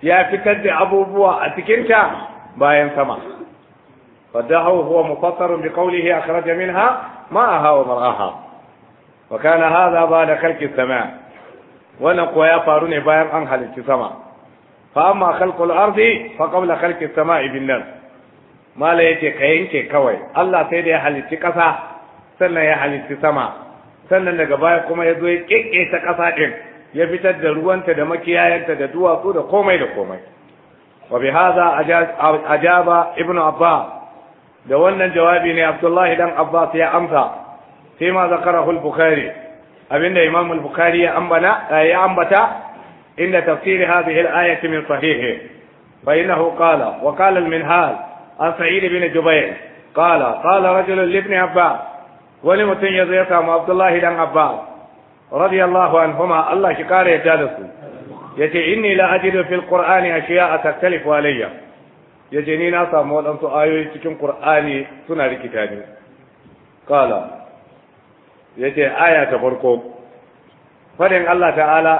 ya fitar da abubuwa a cikinta bayan sama هو مفسر بقوله أخرج منها ماءها ومرآها وكان هذا بعد خلق السماء ونقوى يا فارون باير أن خلق السماء فأما خلق الأرض فقبل خلق السماء بالنفس ما لا يتي كوي الله سيد يا حلق كسا سنة يا حلق السماء sannan daga baya kuma ya zo ya ta ƙasa ɗin ya fitar da ruwanta da makiyayanta da duwatsu da komai da komai wa bi hadha ajaba ibnu abbas da wannan jawabi ne abdullahi dan abbas ya amsa sai ma zakarahu al-bukhari abinda imam al-bukhari ya ambana eh, ya ambata inda tafsir hadhihi al-ayati min sahihi fa innahu qala wa qala al-minhal an sa'id bin jubayr qala qala rajulun li ibn abbas wani mutum ya zo ya samu abdullahi dan abbas radiyallahu anhuma allah shi kare yadda da su Ya yace inni la ajidu fil qur'ani ashiya'a taktalifu alayya ce ni na samu waɗansu ayoyi cikin qur'ani suna rikita ni Ya ce, aya ta farko fadin allah ta'ala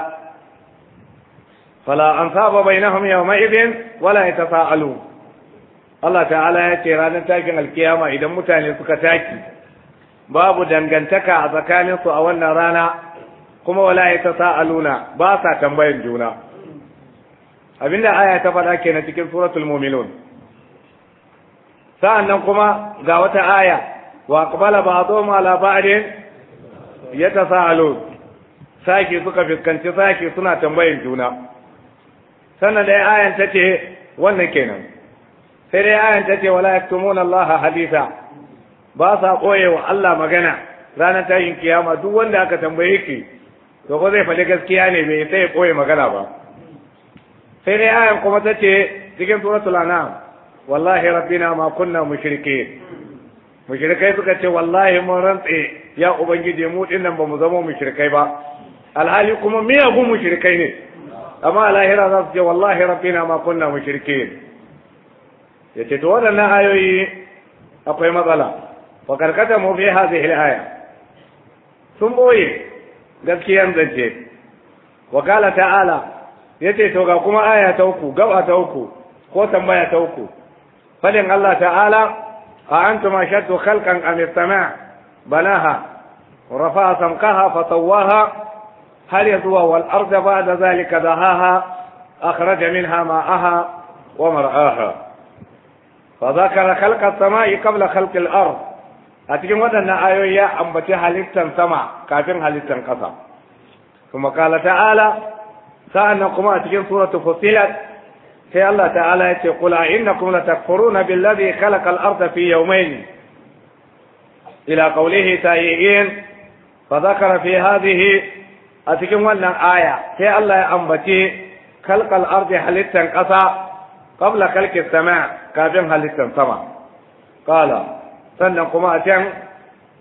fala an saba ansaba bainahum yawma idin wala yatasaalu Allah ta'ala ya ce ranar takin alkiyama idan mutane suka taki babu dangantaka a tsakaninsu a wannan rana kuma wala ya ta sa'aluna ba sa tambayan juna abinda aya ta faɗa na cikin suratul mu'minun sa'annan kuma ga wata aya wa ba zo aqbala ba'dhum ala ba'din yatasaalun saki suka fuskanci saki suna tambayan juna sannan dai ayan ta ce wannan kenan sai dai ayan ta ce wala yaktumuna allaha haditha ba sa ɓoye wa Allah magana ranar tashin kiyama duk wanda aka tambaye ki to ko zai faɗi gaskiya ne bai sai koye ɓoye magana ba sai dai ayan kuma ta ce cikin suratul anam wallahi rabbina ma kunna mushrike mushrikai suka ce wallahi mun rantse ya ubangiji mu dinnan ba mu zama mushrikai ba alhali kuma miyagun mushrikai ne amma lahira za su ce wallahi rabbina ma kunna mushrike ya ce to waɗannan ayoyi akwai matsala وقد قدموا في هذه الآية ثم أويل قد كيان بجيب وقال تعالى يتي توقعكم آية توقو قوة توقو قوة ما يتوقو فلن الله تعالى أأنتم أشد خلقا أم السماء بناها ورفع سمقها فطواها هل يطوى والأرض بعد ذلك دهاها أخرج منها ماءها ومرآها فذكر خلق السماء قبل خلق الأرض a cikin waɗannan ayoyi ya ambaci halittan sama kafin halittan ƙasa kuma kala ta'ala sa'annan kuma a cikin suratu fusilat sai Allah ta'ala ya ce kula innakum latakfuruna billazi khalaqal arda fi yawmayn ila qawlihi sayyin fa dhakara fi hadhihi a cikin wannan aya sai Allah ya ambaci khalqal ardi halittan ƙasa qabla khalqis samaa kafin halittan sama qala sannan kuma a can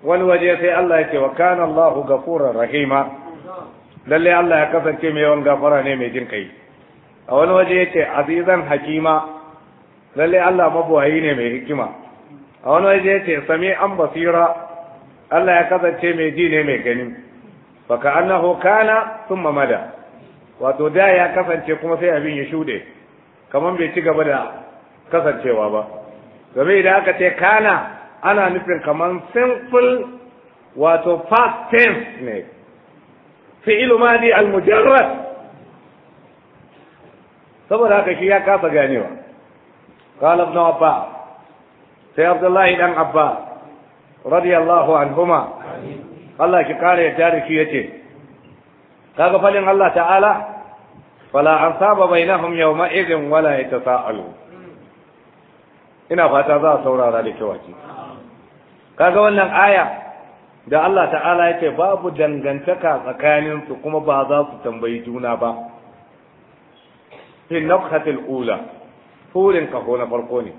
wani waje sai Allah ya ce wa kana Allahu ghafurur rahima lalle Allah ya kasance mai yawan gafara ne mai jin kai a wani waje ya ce azizan hakima lalle Allah mabuwayi ne mai hikima a wani waje ya ce sami an basira Allah ya kasance mai ji ne mai gani baka annahu kana sun mamada wato da ya kasance kuma sai abin ya shuɗe kamar bai ci gaba da kasancewa ba game idan aka ce kana ana nufin kamar simple wato past tense ne fi'il madi al-mujarrad saboda haka shi ya kasa ganewa qala ibn abbas sai abdullahi dan abba radiyallahu anhuma Allah ki kare ya tare shi yace kaga falin Allah ta'ala fala ansaba bainahum yawma idhin wala yatasaalu ina fata za a saurara da kyau kaga wannan aya da Allah ta'ala ya ce babu dangantaka tsakaninsu kuma ba za su tambayi juna ba fi nakhatil ula hurin kaho na farko ne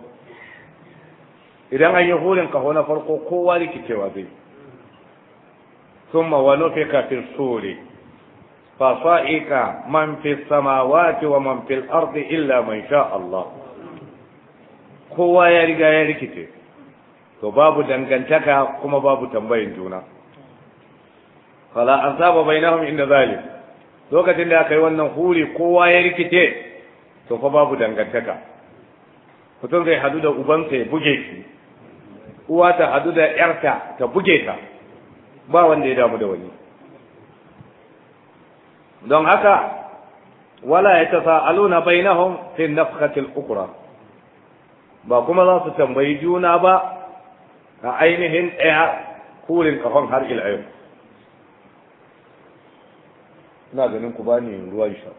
idan an yi hurin kaho na farko kowa rikicewa zai fil suri fa الصور man من samawati wa man fil ardi illa man sha Allah. kowa ya riga ya rikice to babu dangantaka kuma babu tambayin juna fala an saba bainahum inda zalim lokacin da aka yi wannan huri kowa ya rikice to fa babu dangantaka mutum zai hadu da ubansa ya buge shi uwa ta hadu da yarta ta buge ta ba wanda ya damu da wani don haka wala ya Aluna bainahum fi nafkhatil ukra ba kuma za su tambayi juna ba a ainihin ɗaya kurin kafan har ila yau ina ganin ku bani ruwa sha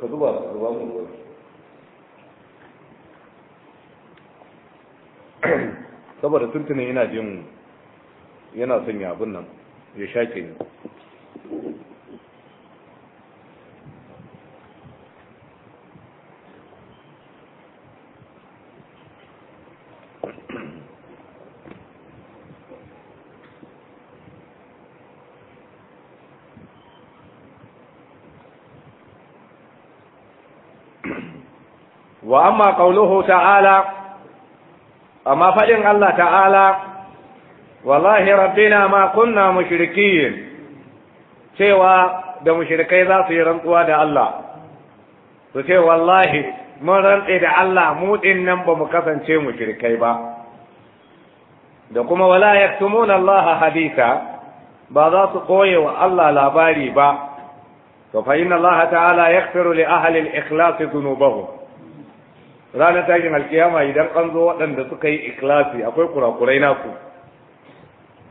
ka zuba ruwa mu ruwa saboda tuntunin yana jin yana son ya abin nan ya shaƙe ni wa amma qauluhu ta'ala amma fadin Allah ta'ala wallahi rabbina ma kunna mushrikin cewa da mushrikai za su yi rantsuwa da Allah su ce wallahi mun rantse da Allah mu nan ba mu kasance mushrikai ba da kuma wala yaktumuna Allah hadisa ba za su koye wa Allah labari ba to fa inna Allah ta'ala yaghfiru li ahli al-ikhlas dhunubahum ranar takin alkiyama idan an zo waɗanda suka yi ikilasi akwai kurakurai naku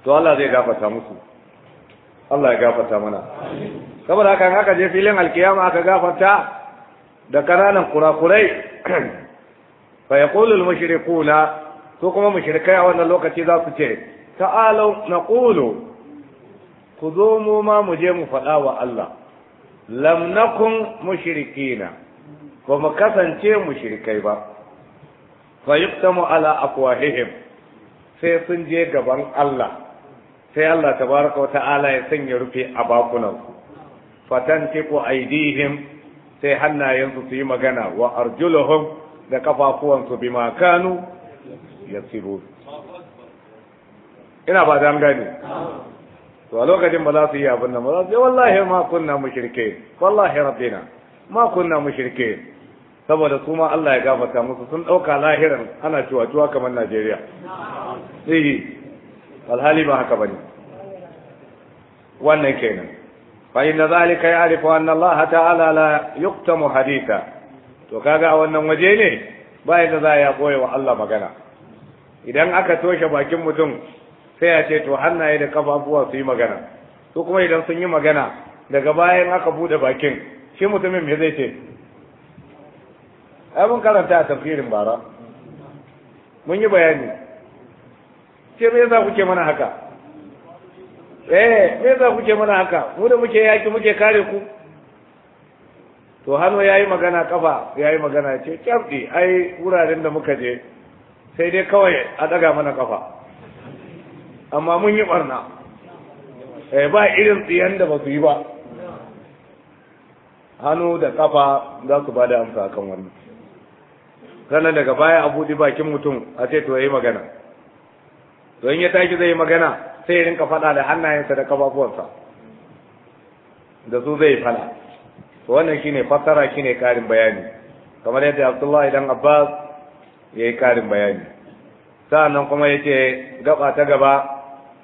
to Allah zai gafata musu Allah ya gafata mana saboda haka aka je filin alkiyama aka gafata da kananan kurakurai fa yaqulu al-mushrikuna to kuma mushrikai a wannan lokaci za su ce ta'alu naqulu ku zo mu ma mu je mu faɗa wa Allah lam nakun mushrikina ba mu kasance shirkai ba fa yuqtamu ala aqwahihim sai sun je gaban Allah sai Allah tabaraka wa ta'ala ya sanya rufe a bakunan su fatan tiku aidihim sai hannayensu su yi magana wa arjuluhum da su bima kanu yasiru ina ba dan gani. to a lokacin ba za su yi abin nan ba za su yi wallahi ma kunna mushrike wallahi rabbina ma kunna mushrike saboda su ma Allah ya gafarta musu sun ɗauka lahiran ana ciwa-ciwa kamar Najeriya. Sai alhali ba haka ba ne. Wannan kenan. Fa inna zalika ya'rifu anna Allah ta'ala la yuqtamu haditha. To kaga a wannan waje ne ba yadda za ya koya wa Allah magana. Idan aka toshe bakin mutum sai ya ce to hannaye da kafafuwa su yi magana. Su kuma idan sun yi magana daga bayan aka bude bakin shi mutumin me zai ce ai mun karanta a tafsirin bara mun yi bayani ce me yasa kuke mana haka eh me yasa kuke mana haka mu da muke yaki muke kare ku to hannu yayi magana kafa yayi magana ce kyamdi ai wuraren da muka je sai dai kawai a daga mana kafa amma mun yi barna eh ba irin tsiyan da ba su yi ba hannu da kafa za su ba da amsa kan wannan sannan daga baya a buɗe bakin mutum a ce to yayi magana to in ya tashi zai yi magana sai ya rinka faɗa da hannayensa da kafafuwansa da su zai fala to wannan shine fassara shine karin bayani kamar yadda Abdullahi dan Abbas yayi karin bayani sa'annan kuma yace gaba ta gaba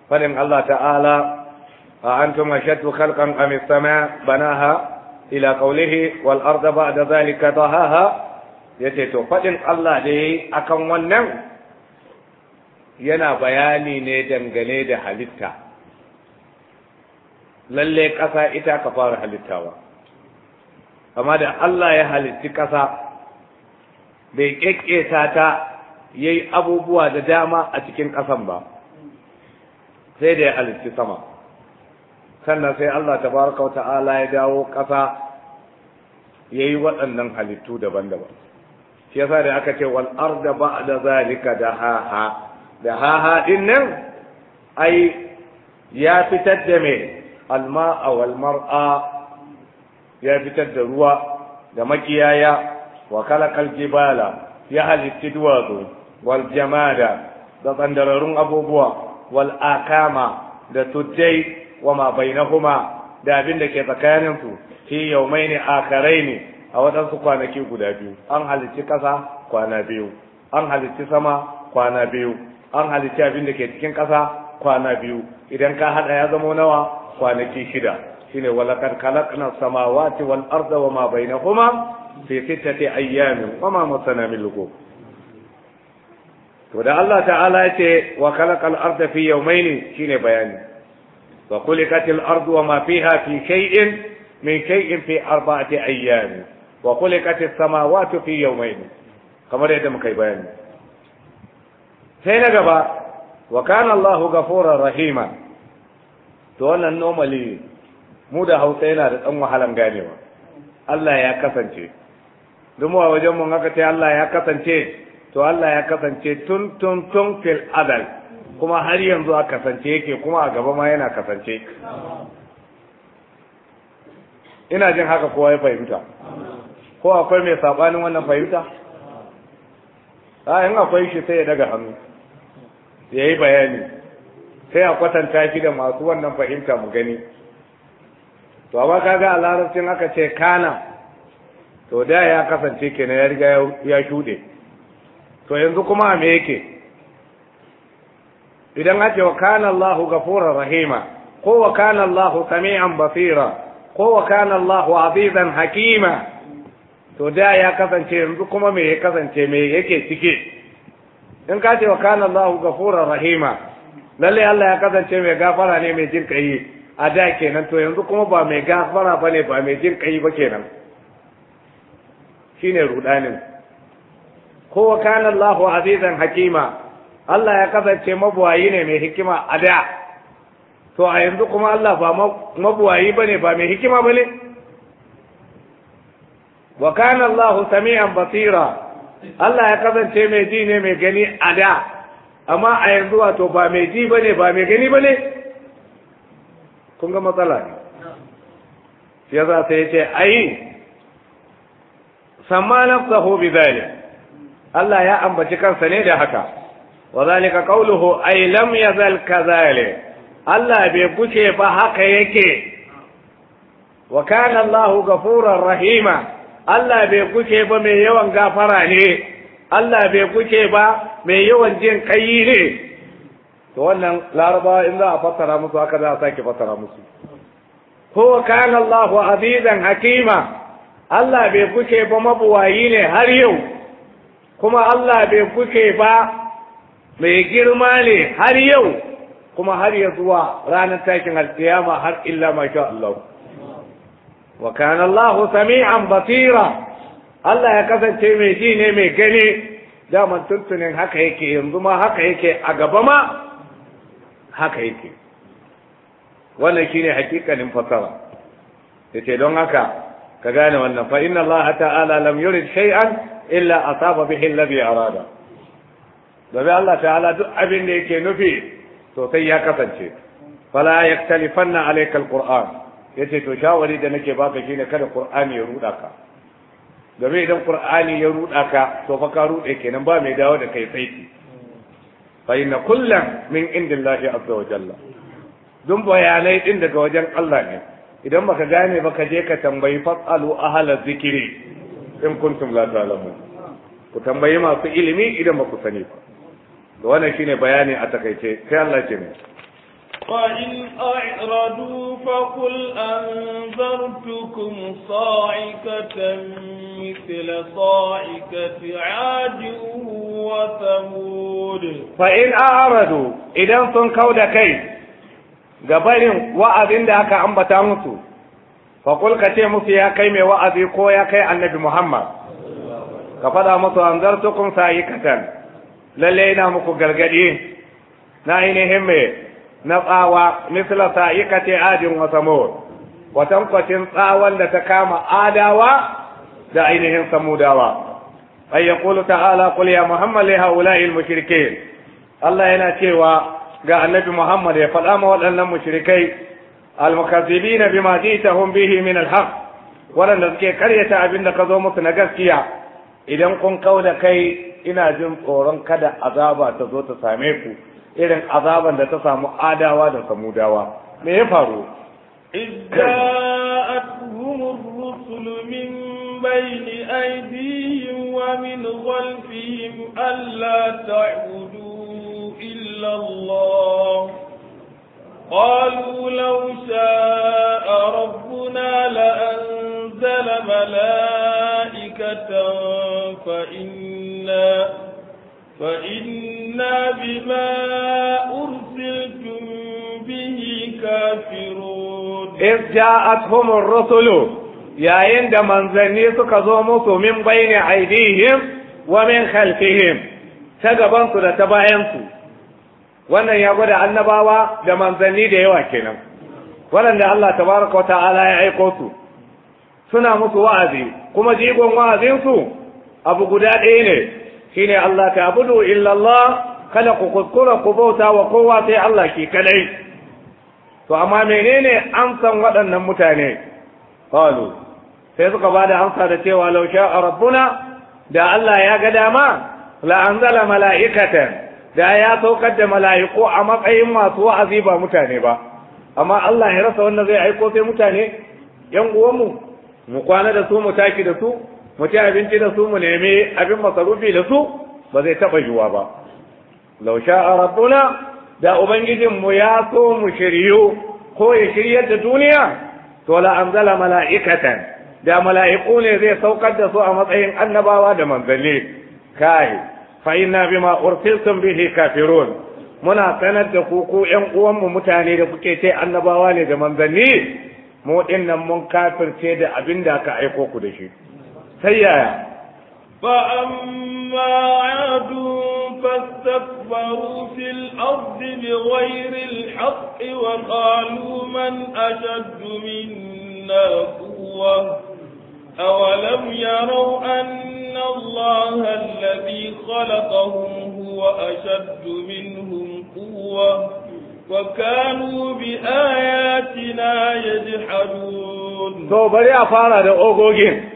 fadin Allah ta'ala a أأنتم khalqan amis sama banaha ila qawlihi wal والأرض ba'da zalika طهاها ya ce to faɗin Allah da ya akan wannan yana bayani ne dangane da halitta lalle ƙasa ita ka fara halittawa amma da Allah ya halitti ƙasa bai ƙeƙeta ta ya yi abubuwa da dama a cikin ƙasan ba sai da ya halitti sama sannan sai Allah baraka wa ta'ala ya dawo ƙasa ya yi waɗannan halittu daban-daban shi yasa da aka ce wal arda ba'da zalika dahaha dahaha din nan ai ya fitar da me a wal mar'a ya fitar da ruwa da makiyaya wa kalakal jibala ya halitti duwatsu wal jamada da tsandararrun abubuwa wal akama da tuddai wa ma bainahuma da abin da ke tsakaninsu fi yaumaini akaraini a waɗansu kwanaki guda biyu an halicci ƙasa kwana biyu an halicci sama kwana biyu an halicci abin da ke cikin ƙasa kwana biyu idan ka haɗa ya zama nawa kwanaki shida shine walakad khalaqna samawati wal arda wama bainahuma fi sittati ayyamin wama masana min lughub to da Allah ta'ala yace wa khalaqal arda fi shi shine bayani wa kulikatil ardu wama fiha fi shay'in min shay'in fi arba'ati ayyamin wa sama wato fi yawmayn kamar yadda muka yi bayani sai na gaba wa kana Allahu Gafura rahima to wannan normally mu da Hausa yana da dan wahalan ganewa Allah ya kasance duk mu a wajen mu ga kace Allah ya kasance to Allah ya kasance tun tun tun fil adal kuma har yanzu a kasance yake kuma a gaba ma yana kasance ina jin haka kowa ya fahimta ko akwai mai sabanin wannan fahimta A in akwai shi sai ya daga hannu ya yi bayani sai a kwatanta shi da masu wannan fahimta mu gani to amma kaga a larabcin aka ce kana to da ya kasance kenan ya riga ya shuɗe to yanzu kuma a me yake idan ake wa kana Allahu gafurar rahima ko wa kana Allahu sami'an basira ko wa kana Allahu azizan hakima to da ya kasance yanzu kuma me ya kasance me yake cike? in ka ce wa kana Allahu ghafurur rahima lalle Allah ya kasance mai gafara ne mai jin kai a da kenan to yanzu kuma ba mai gafara bane ba mai jin kai ba kenan shine rudanin ko wa kana Allahu azizan hakima Allah ya kasance mabuwayi ne mai hikima a da to a yanzu kuma Allah ba mabuwayi bane ba mai hikima bane wa kana Allahu sami'an basira Allah ya kasance mai ji ne mai gani a da amma a yanzu wato ba mai ji bane ba mai gani bane kun ga matsala ne ya za ta ce, ayi. samma nafsahu bi zalik Allah ya ambaci kansa ne da haka wa zalika qawluhu ay lam yazal kadhalik Allah bai kuce ba haka yake wa kana Allahu gafuran rahima Allah bai kuke ba mai yawan gafara ne Allah bai kuke ba mai yawan jin kai ne to wannan laraba in za a fassara musu haka za a sake fassara musu ko kana Allahu azizan hakima Allah bai kuke ba mabuwayi ne har yau, kuma Allah bai kuke ba mai girma ne har yau, kuma har ya zuwa ranar takin alkiyama har illa masha Allah. wa kana Allahu sami'an basira Allah ya kasance mai ji ne mai gani daman tuntunin haka yake yanzu ma haka yake a gaba ma haka yake wannan shine hakikanin fasara yace don haka ka gane wannan fa inna Allah ta'ala lam yurid shay'an illa asaba bihi alladhi arada domin Allah ta'ala duk abin da yake nufi to sai ya kasance fala yaktalifanna alayka alquran Ya ce to shawari da nake baka shine kada qur'ani ya ruda ka game idan qur'ani ya ruda ka to fa ka rude kenan ba mai dawo da kai saiti fa inna kullam min indillahi azza wa jalla dun bayanai din daga wajen Allah ne idan baka gane ba ka je ka tambayi fasalu ahla zikri in kuntum la ta'lamun ku tambayi masu ilimi idan ba ku sani ba to wannan shine bayani a takaice sai Allah ce ne فإن أعرضوا فقل أنذرتكم صاعقة مثل صاعقة عاد وثمود فإن أعرضوا إذا سنكو دكي gabarin wa'azin da aka ambata musu faƙul musu ya kai mai wa'azi ko ya kai annabi muhammad ka faɗa musu wanzar zartukun sayi katan lalle ina muku gargaɗi na ainihin mai na tsawa misla sa'ikati adin wa samud kwatankwacin tsawon da ta kama adawa da ainihin samudawa ay yaqulu ta'ala qul ya muhammad li haula'i al Allah yana cewa ga annabi Muhammad ya faɗa ma waɗannan mushirikai, al na bi jitahum ta min al-haq waɗanda suke karyata abin da ka zo musu na gaskiya idan kun kauda kai ina jin tsoron kada azaba ta zo ta same ku irin azaban da ta samu adawa da samudawa me ya faru idza'atuhum ar-rusulu min bayni aydihim wa min khalfihim alla ta'budu illa Allah قالوا لو شاء ربنا لأنزل فإنا بما أرسلتم به كافرون إذ جاءتهم الرسل يا عند من زنيت كزومت من بين أيديهم ومن خلفهم تجبنت لتباينت wannan ya gwada annabawa da manzanni da yawa kenan waɗanda Allah tabaraka Ala ya aiko su suna musu wa'azi kuma jigon wa'azinsu abu guda ɗaya ne shine Allah ta abudu illallah kada ku kuskura ku bauta wa kowa sai Allah ke kadai to amma menene amsan waɗannan mutane qalu sai suka bada amsa da cewa law sha'a rabbuna da Allah ya ga dama la anzala mala'ikatan da ya saukar da mala'iku a matsayin masu wa'azi ba mutane ba amma Allah ya rasa wanda zai aiko sai mutane yan uwanmu mu kwana da su mu taki da su mu ci abinci da su mu nemi abin masarufi da su ba zai taɓa yiwuwa ba Lausha a rabbuna da ubangijinmu ya so mu shiryu ko ya shirya da duniya to la anzala mala'ikatan da mala'iku ne zai saukar da su a matsayin annabawa da manzanni kai fa inna bima ursiltum bihi kafirun muna sanar da ku ku ƴan uwanmu mutane da kuke ce annabawa ne da manzanni mu dinnan mun kafirce da abin da aka aiko ku da shi سيئة فأما عاد فاستكبروا في الأرض بغير الحق وقالوا من أشد منا قوة أولم يروا أن الله الذي خلقهم هو أشد منهم قوة وكانوا بآياتنا يجحدون تو بري أفارة دا أوغوغين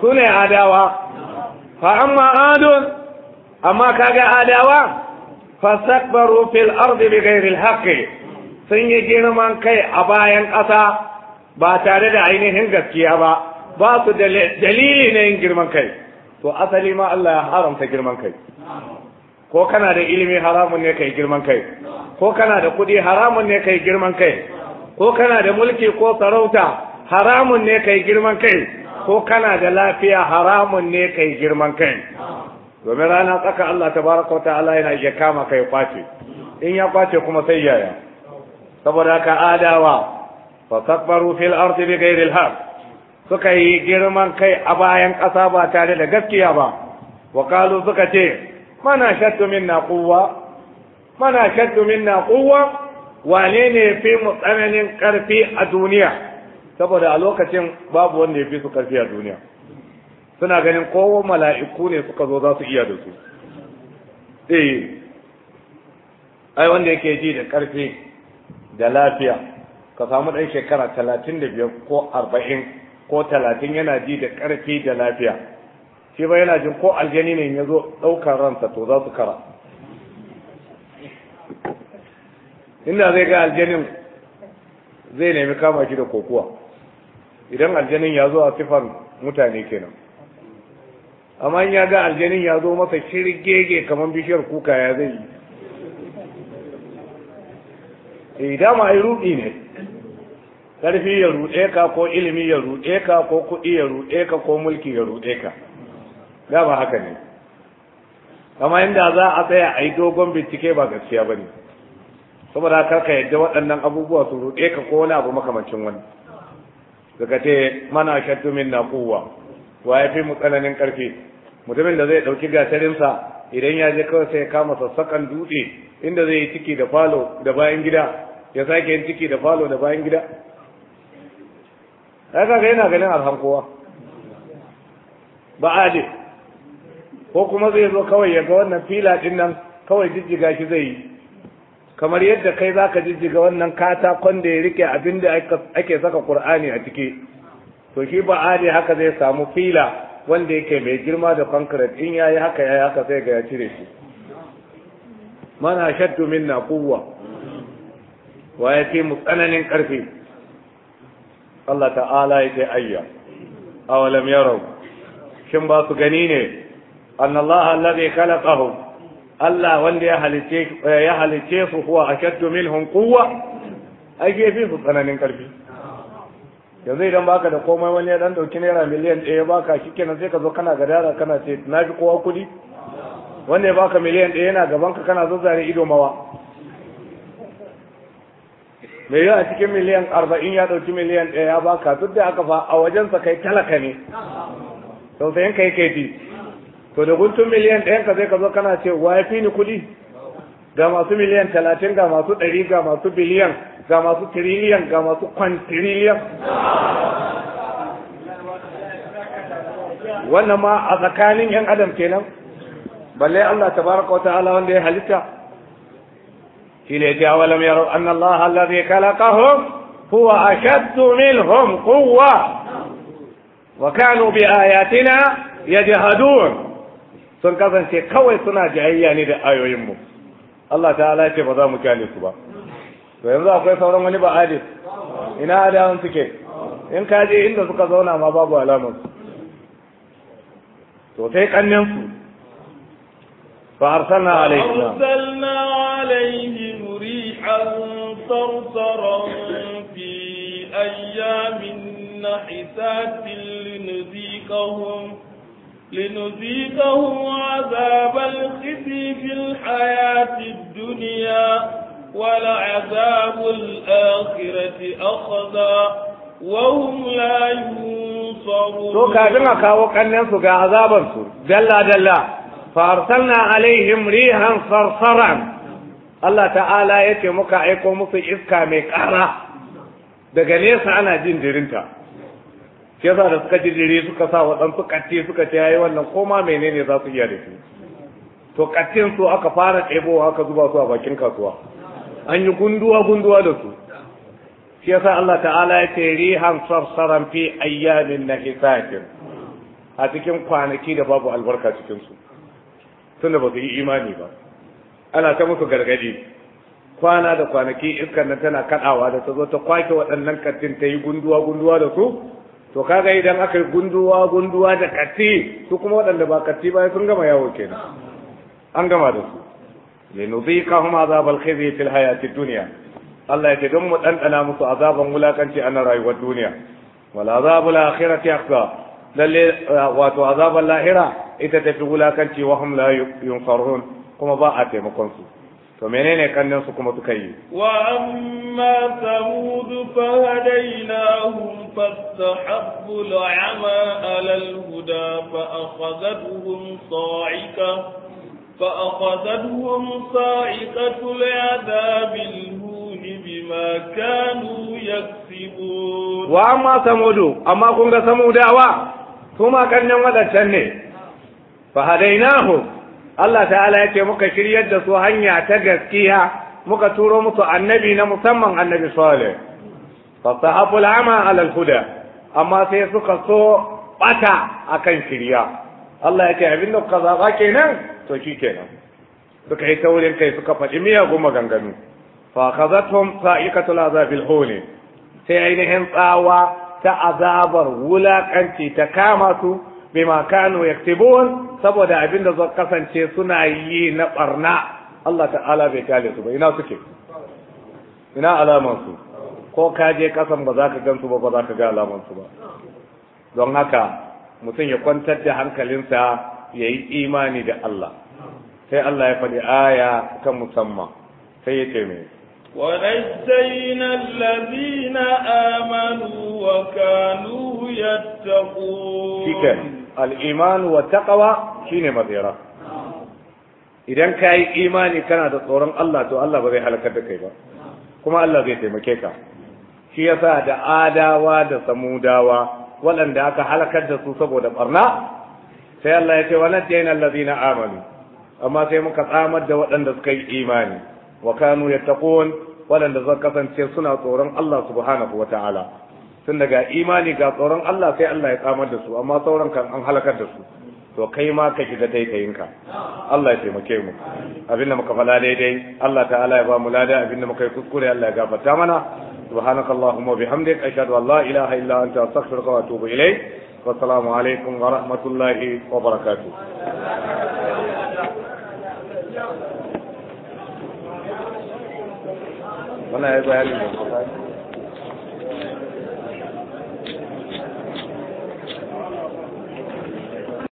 Ka عداوة فأما عاد أما كاقا عداوة فاستكبروا في الأرض بغير الحق sun yi girman kai a bayan ƙasa ba tare da ainihin gaskiya ba ba su dalili na yin girman kai to asali ma Allah ya haramta girman kai ko kana da ilimi haramun ne kai girman kai ko kana da kuɗi haramun ne kai girman kai ko kana da mulki ko sarauta haramun ne kai girman kai ko kana da lafiya haramun ne kai girman kai domin rana tsaka Allah tabaraka wa ta'ala yana iya kama kai kwace in ya kwace kuma sai yaya saboda ka adawa takbaru fil ardi bi ghairi al suka yi girman kai a bayan ƙasa ba tare da gaskiya ba wa suka ce Mana shaddu minna quwwa mana shaddu minna quwwa wane ne fi mu tsananin karfi a duniya saboda a lokacin babu wanda ya fi su karfi a duniya suna ganin kowa mala'iku ne suka zo za su iya da su eh ai wanda yake ji da karfi da lafiya ka samu ɗan shekara talatin da biyar ko arba'in ko talatin yana ji da karfi da lafiya shi ba yana jin ko aljani ne ya zo ɗaukar ransa to za su kara inda zai ga aljanin zai nemi kama shi da kokuwa idan aljanin ya zo a sifan mutane kenan amma in ya ga aljanin ya zo masa shirgege kamar bishiyar kuka ya zai yi eh, dama ai rudi ne ƙarfi ya ruɗe ka ko ilimi ya ruɗe ka ko kuɗi ya ruɗe ka ko mulki ya ruɗe ka ba haka ne kama inda za a tsaya a yi dogon bincike ba gaskiya ba ne saboda kar ka yadda waɗannan abubuwa su ruɗe ka ko wani abu makamancin wani daga ce mana shaddu min na kowa wa ya fi mu tsananin ƙarfi mutumin da zai ɗauki gatarinsa idan ya je kawai sai ya kama sassakan dutse inda zai yi ciki da falo da bayan gida ya sake yin ciki da falo da bayan gida ya kaga yana ganin alhankowa. ba adil ko kuma zai zo kawai ya wannan fila din nan kawai jijjiga shi zai yi kamar yadda kai zaka jijjiga wannan katakon da ya rike abin da ake saka qur'ani a ciki to shi ba ade haka zai samu fila wanda yake mai girma da concrete in yayi haka yayi haka sai ga ya cire shi Mana ashaddu minna quwwa wa yake mu tsananin karfi Allah ta'ala yake ayya awalam yaro. shin ba su gani ne أن الله الذي خلقهم الله واللي يهل كيف هو أشد منهم قوة أجي في سنن قلبي yanzu idan baka da komai wani ya dan dauki naira miliyan ɗaya baka shi kenan sai ka zo kana gadara kana ce na fi kowa kuɗi wanda ya baka miliyan ɗaya yana gaban ka kana zazzare ido mawa yau a cikin miliyan arba'in ya ɗauki miliyan ɗaya ya baka duk da aka fa a wajensa kai talaka ne tausayin kai kai fi to da guntun miliyan ɗayan ka zai ka zo kana ce wa ya fi ni kuɗi ga masu miliyan talatin ga masu ɗari ga masu biliyan ga masu tiriliyan ga masu kwantiriliyan wannan ma a tsakanin yan adam kenan balle Allah tabaraka wa ta'ala wanda ya halitta shi ne ya walam yaro anna Allah alladhi khalaqahum huwa ashaddu minhum quwwa wa kanu bi ayatina yajhadun sun kasance kawai suna jayayya ne da ayoyinmu Allah ta'ala ce ba za mu kyale su ba to yanzu akwai sauran wani ba adis ina adawan suke in ka je inda suka zauna ma babu alamar su to sai kannen su fa arsalna alaihim ayyamin لنذيقه عذاب الخزي في الحياة الدنيا ولعذاب الآخرة أخذا وهم لا ينصرون تو كافين أكاو كنن سوغا عذابا سو دلا دلا فأرسلنا عليهم ريحا صرصرا Allah ta'ala ya ce muka aiko musu iska mai ƙara daga nesa ana jin jirinta shi da suka jirgire suka sa waɗansu ƙacce suka ce yayi wannan ko ma menene za su iya da shi to ƙaccen su aka fara ɗebo aka zuba su a bakin kasuwa an yi gunduwa gunduwa da su shi yasa Allah ta'ala ya ce rihan sarsaran fi ayyamin nahisatin a cikin kwanaki da babu albarka cikin su tunda ba su yi imani ba ana ta musu gargadi kwana da kwanaki iskar nan tana kaɗawa da ta zo ta kwake waɗannan kattin ta yi gunduwa gunduwa da su to kaga idan aka yi gunduwa gunduwa da katti su kuma waɗanda ba katti ba sun gama yawo kenan an gama da su linudhiqahum azabal khizi fil hayatid dunya Allah ya ce don mu ɗanɗana musu azaban wulakanci a rayuwar duniya wal azabul akhirati akbar lalle eh, wato azaban lahira ita ta fi wulakanci wa hum la yunfarun kuma ba a taimakon su to menene kannan su kuma suka yi wa amma samud fa hadaynahum fastahabbu al'ama 'ala al-huda fa akhadhatuhum sa'ika fa akhadhatuhum sa'ikatu al'adab al bima kanu yaksibun wa amma samud amma kun ga samudawa kuma kannan wadancan ne fa hadaynahum Allah ta'ala ya ce muka shiryar da su hanya ta gaskiya muka turo musu annabi na musamman annabi salih fasahabul ama alal huda amma sai suka so bata akan shirya Allah ya ce abin da kuka zaba kenan to shi kenan suka yi taurin kai suka faɗi miyagun maganganu fa khazathum sa'iqatul azabil huni sai ainihin tsawa ta azabar wulakanci ta kama su bima kanu yaktubun saboda abin da zai kasance suna yi na barna Allah ta'ala bai kale su ba ina suke ina alaman su ko ka je kasan ba za ka gan su ba ba za ka ga alaman su ba don haka mutum ya kwantar da hankalinsa ya yi imani da Allah sai Allah ya faɗi aya ta musamman sai ya ce mai ونجينا الذين آمنوا وكانوا يتقون al'iman wa shi shine mazira idan ka yi imani kana da tsoron Allah to Allah ba zai halakar da kai ba kuma Allah zai taimake ka shi yasa da adawa da samudawa waɗanda aka halakar da su saboda ɓarna, sai Allah ya ce wa naddaina na amanu amma sai muka tsamar da waɗanda suka yi imani wa kanu yattaqun waɗanda zan kasance suna tsoron Allah subhanahu wataala tun daga imani ga tsoron Allah sai Allah ya tsamar da su amma sauran kan an halakar da su to kai ma ka shiga taitayinka Allah ya taimake mu abinda muka fala daidai Allah ta'ala ya ba mu lada abinda muka yi kuskure Allah ya gafarta mana subhanaka allahumma bihamdik ashhadu an la ilaha illa anta astaghfiruka wa atubu ilayk wa assalamu alaikum wa rahmatullahi wa barakatuh wannan ya bayani